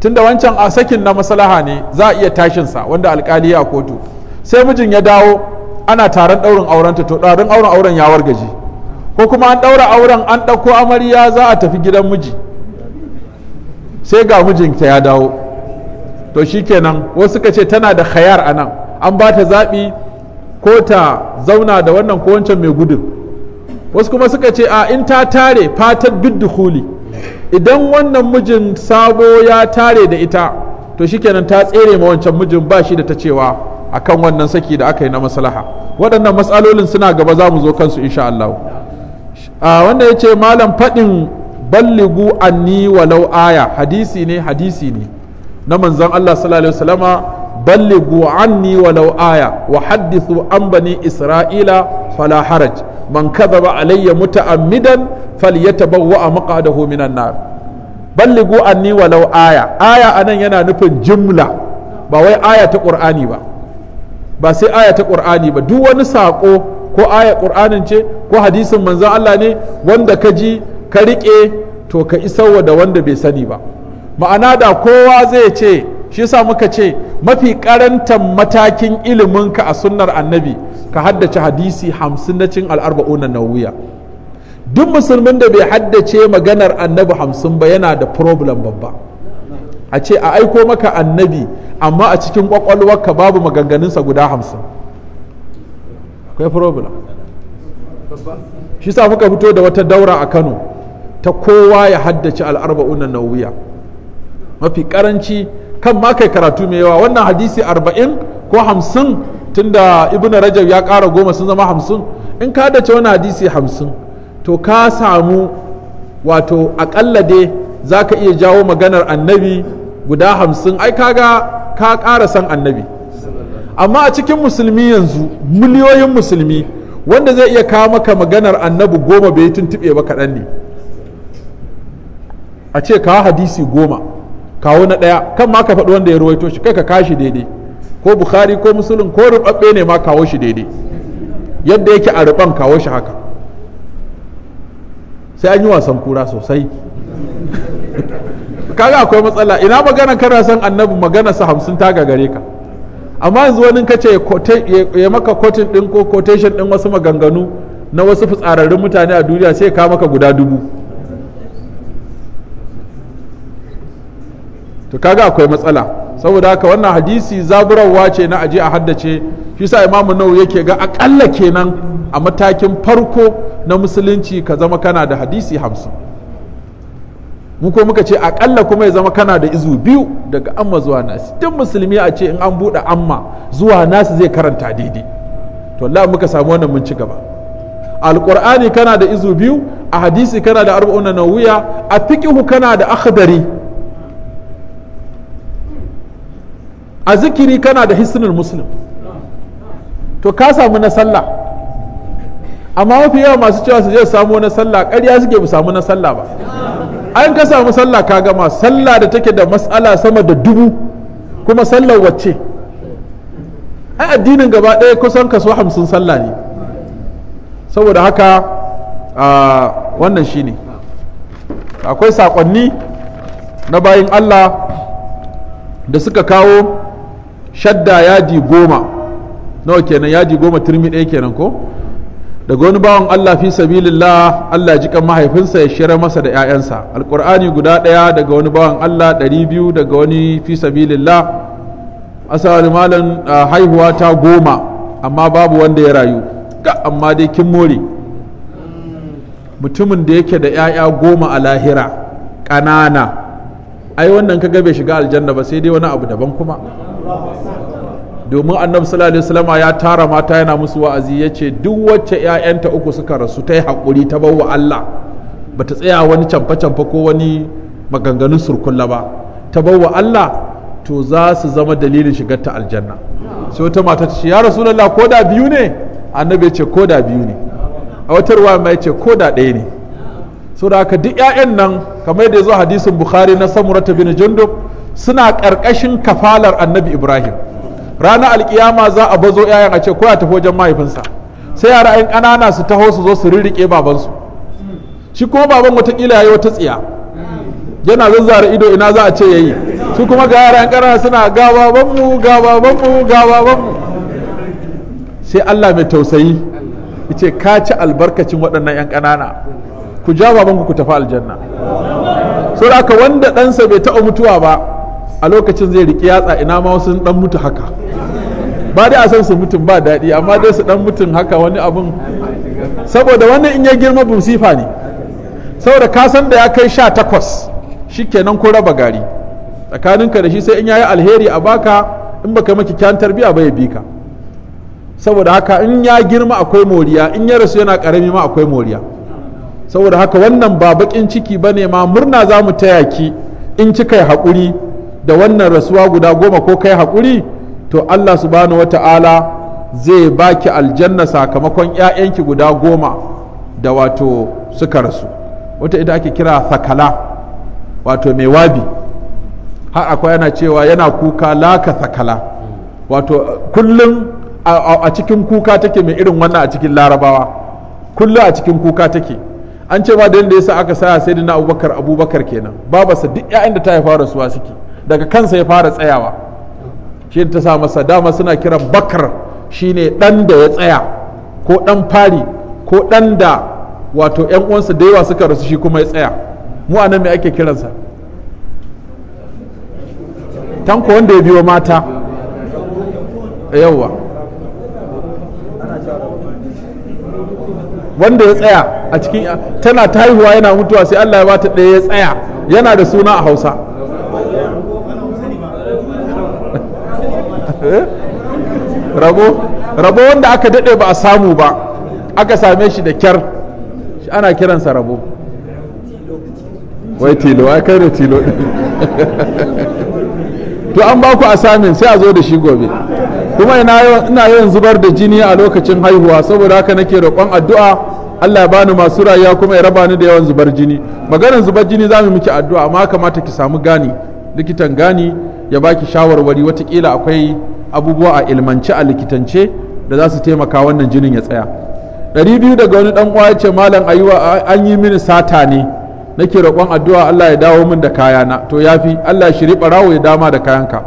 tunda wancan a sakin na maslaha ne za a iya tashinsa wanda alkali ya kotu sai mijin ya dawo ana taron ɗaurin aurenta to ɗarin auren auren ya wargaji ko kuma an ɗaura auren an ɗauko amarya za a tafi gidan miji sai ga mijinta ya dawo to shikenan wasu suka ce tana da khayar a nan an ba ta zaɓi ko ta zauna da wannan ko wancan mai gudun wasu kuma suka ce a in ta tare fatar bidduhuli idan wannan mijin sabo ya tare da ita to shikenan ta tsere ma wancan mijin ba shi da ta cewa a kan wannan saki da aka yi na maslaha waɗannan matsalolin suna gaba za mu zo kansu insha Allah wanda ya ce malam faɗin balligu anni walau aya hadisi ne hadisi ne na manzon Allah sallallahu alaihi wasallama ballighu anni walau aya wa haddithu an bani isra'ila fala haraj man kadhaba alayya muta'ammidan falyatabawwa maq'adahu minan nar ballighu anni walau aya aya anan yana nufin jumla ba wai aya ta qur'ani ba ba sai aya ta qur'ani ba duk wani sako ko aya qur'anin ce ko hadisin manzon Allah ne wanda ka ji ka rike to ka isarwa da wanda bai sani ba ma'ana da kowa zai ce shi sa muka ce mafi karantar matakin iliminka a sunnar annabi ka haddace hadisi hamsin na cin al'arba'una na wuya duk musulmin da bai haddace maganar annabi hamsin ba yana da problem babba a ce a aiko maka annabi amma a cikin kwakwalwarka babu maganganunsa guda hamsin akwai problem shi sa muka fito da wata daura a kano ta kowa ya haddace na wuya. mafi karanci kan ma kai karatu mai yawa wannan hadisi arba'in ko hamsin tunda ibnu rajab ya kara goma sun zama hamsin in ka dace wani hadisi hamsin to ka samu wato aƙalla dai za ka iya jawo maganar annabi guda hamsin ai kaga ka ƙara san annabi amma a cikin musulmi yanzu miliyoyin musulmi wanda zai iya kawo maka maganar annabi goma bai tuntuɓe ba kaɗan ne a ce kawo hadisi goma kawo na ɗaya kan ma ka faɗi wanda ya ruwaito shi kai ka kashi daidai ko bukhari ko musulun ko rubabbe ne ma kawo shi daidai yadda yake a ruban kawo shi haka sai an yi wasan kura sosai kaga akwai matsala ina magana kana san annabi magana sa hamsin ta gagare ka amma yanzu wani ka ce ya maka kotun din ko quotation din wasu maganganu na wasu fitsararrun mutane a duniya sai ka maka guda dubu to kaga akwai matsala saboda haka wannan hadisi zaburarwa ce na aji a haddace shi sa imamu Na'u yake ga akalla kenan a matakin farko na musulunci ka zama kana da hadisi hamsin mu ko muka ce akalla kuma ya zama kana da izu biyu daga amma zuwa nasi duk musulmi a ce in an buɗe amma zuwa nasi zai karanta daidai to Allah muka samu wannan mun ci gaba alqur'ani kana da izu biyu a hadisi kana da arba'una nawiya a fiqhu kana da akhdari a zikiri kana da hisnul muslim to ka samu na sallah amma mafi yawa masu cewa su je samu na sallah ƙarya suke bu samu na sallah ba an ka samu sallah ka gama sallah da take da matsala sama da dubu kuma sallar wacce ai addinin gaba ɗaya kusan kaso hamsin sallah ne saboda haka wannan shi ne akwai saƙonni na bayin allah da suka kawo shadda yaji goma nawa kenan yaji goma turmi ɗaya kenan ko daga wani bawan Allah fi sabilillah Allah ji kan mahaifinsa ya shirar masa da 'ya'yansa alkur'ani guda ɗaya daga wani bawan Allah ɗari biyu daga wani fi sabilillah asali malam haihuwa ta goma amma babu wanda ya rayu ga amma dai kin more mutumin da yake da 'ya'ya goma a lahira ƙanana ai wannan kaga bai shiga aljanna ba sai dai wani abu daban kuma domin annabi sallallahu alaihi wasallam ya tara mata yana musu wa'azi yace duk wacce ƴaƴanta uku suka rasu ta yi hakuri ta wa Allah bata tsaya wani canfa-canfa ko wani maganganun surkulla ba ta wa Allah to za su zama dalilin shigar ta aljanna sai wata mata ta ce ya rasulullah ko da biyu ne annabi ce ko da biyu ne a wata ruwa mai yace ko da ɗaya ne saboda haka duk ƴaƴan nan kamar yadda ya zo hadisin bukhari na samurata bin jundub suna ƙarƙashin kafalar annabi ibrahim ranar alkiyama za a bazo yayan a ce ko ya tafi wajen mahaifinsa sai yara yan ƙanana su taho su zo su rirriƙe babansu shi kuma baban watakila ya yi wata tsiya yana zazzara ido ina za a ce yayi su kuma ga yara yan ƙanana suna ga babanmu ga babanmu ga babanmu sai Allah mai tausayi ce ka ci albarkacin waɗannan yan ƙanana ku ja babanku ku tafi aljanna saboda haka wanda ɗansa bai taɓa mutuwa ba a lokacin zai riƙe yatsa ina ma wasu dan mutu haka ba dai a san su mutum ba daɗi amma dai su dan mutum haka wani abun saboda wannan in ya girma busifa ne saboda ka san da ya kai sha takwas shi kenan ko raba gari tsakaninka da shi sai in ya yi alheri a baka in baka maki kyantar biya ba ya bi ka saboda haka in ya girma akwai moriya in ya rasu yana karami ma akwai moriya saboda haka wannan ba bakin ciki ba ne ma murna za mu taya ki in kika yi haƙuri da wannan rasuwa guda goma ko kai haƙuri to Allah subhanahu wa ta'ala zai baki aljanna sakamakon 'ya'yanki guda goma da wato suka rasu wata ita ake kira sakala wato mai wabi har akwai yana cewa yana kuka laka sakala wato kullum a cikin kuka take mai irin wannan a cikin larabawa kullum a cikin kuka take an ce ma da yadda yasa aka saya sai na abubakar abubakar kenan sa duk 'ya'yan da ta haifa rasuwa suke daga kansa ya fara tsayawa shi ta sa masa dama suna kiran bakar shine dan da ya tsaya ko dan fari ko dan da wato yan uwansa da yawa suka rasu shi kuma ya tsaya mu anan me ake kiransa tanko wanda ya biyo mata yawwa wanda ya tsaya a cikin tana ta haihuwa yana mutuwa sai Allah ya bata ɗaya ya tsaya yana da suna a Hausa Eh? rabo rabo wanda aka daɗe ba a samu ba aka same shi da kyar ana kiransa rabo wai tilo a kai da tilo to an ba ku asamin sai a zo da shi gobe kuma ina yawan zubar da jini a lokacin haihuwa saboda haka nake roƙon addu'a Allah ya bani masu rayuwa kuma ya raba ni da yawan zubar jini maganar zubar jini za mu miki addu'a amma kamata ki samu gani likitan gani ya baki shawarwari watakila akwai abubuwa a ilmance a likitance da za su taimaka wannan jinin ya tsaya ɗari biyu daga wani ɗan uwa ya ce malam ayuwa an yi mini sata ne nake roƙon addu'a Allah ya dawo min da kayana to yafi Allah ya shiri ɓarawo ya dama da kayanka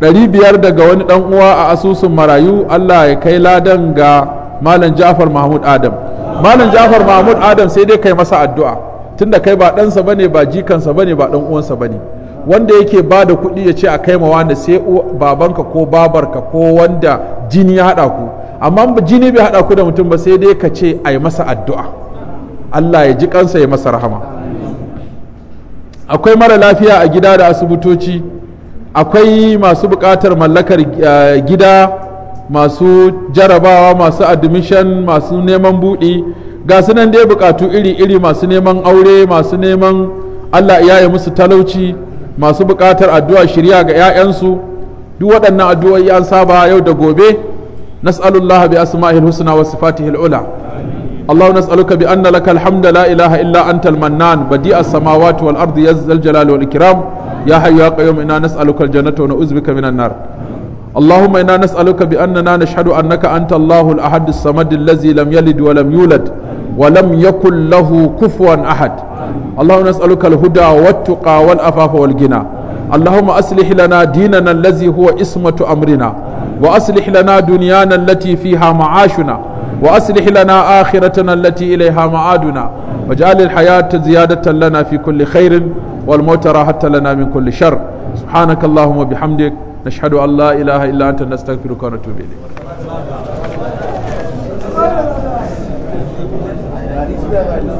ɗari biyar daga wani ɗan uwa a asusun marayu Allah ya kai ladan ga malam Ja'far Mahmud Adam malam Ja'far Mahmud Adam sai dai kai masa addu'a tunda kai ba ɗansa bane ba jikansa bane ba ɗan uwansa bane wanda yake ba da kuɗi ya ce a kai mawa sai babanka ko babarka ko wanda jini ya haɗa ku amma jini bai haɗa ku da mutum ba sai dai ka ce a yi masa addu'a Allah ya ji kansa ya masa rahama akwai mara lafiya a gida da asibitoci akwai masu buƙatar mallakar eh, gida masu jarabawa masu admission masu neman buɗi ga su nan dai buƙatu iri-iri masu neman aure masu neman Allah ya yi musu talauci masu buƙatar addu'a shirya ga 'ya'yansu duk waɗannan addu'o'i an saba yau da gobe nas'alullah bi asma'il husna wa sifatihi al'ula Allah nas'aluka bi anna lakal hamda la ilaha illa antal mannan badi as-samawati wal ardi yazzal jalali wal ya hayyu ya qayyum inna nas'aluka al jannata wa na'uzubika minan nar اللهم إنا نسألك بأننا نشهد أنك ولم يكن له كفوا أحد اللهم نسألك الهدى والتقى والأفاف والغنى اللهم أصلح لنا ديننا الذي هو اسمة أمرنا وأصلح لنا دنيانا التي فيها معاشنا وأصلح لنا آخرتنا التي إليها معادنا واجعل الحياة زيادة لنا في كل خير والموت راحة لنا من كل شر سبحانك اللهم وبحمدك نشهد أن لا إله إلا أنت نستغفرك ونتوب إليك Gracias.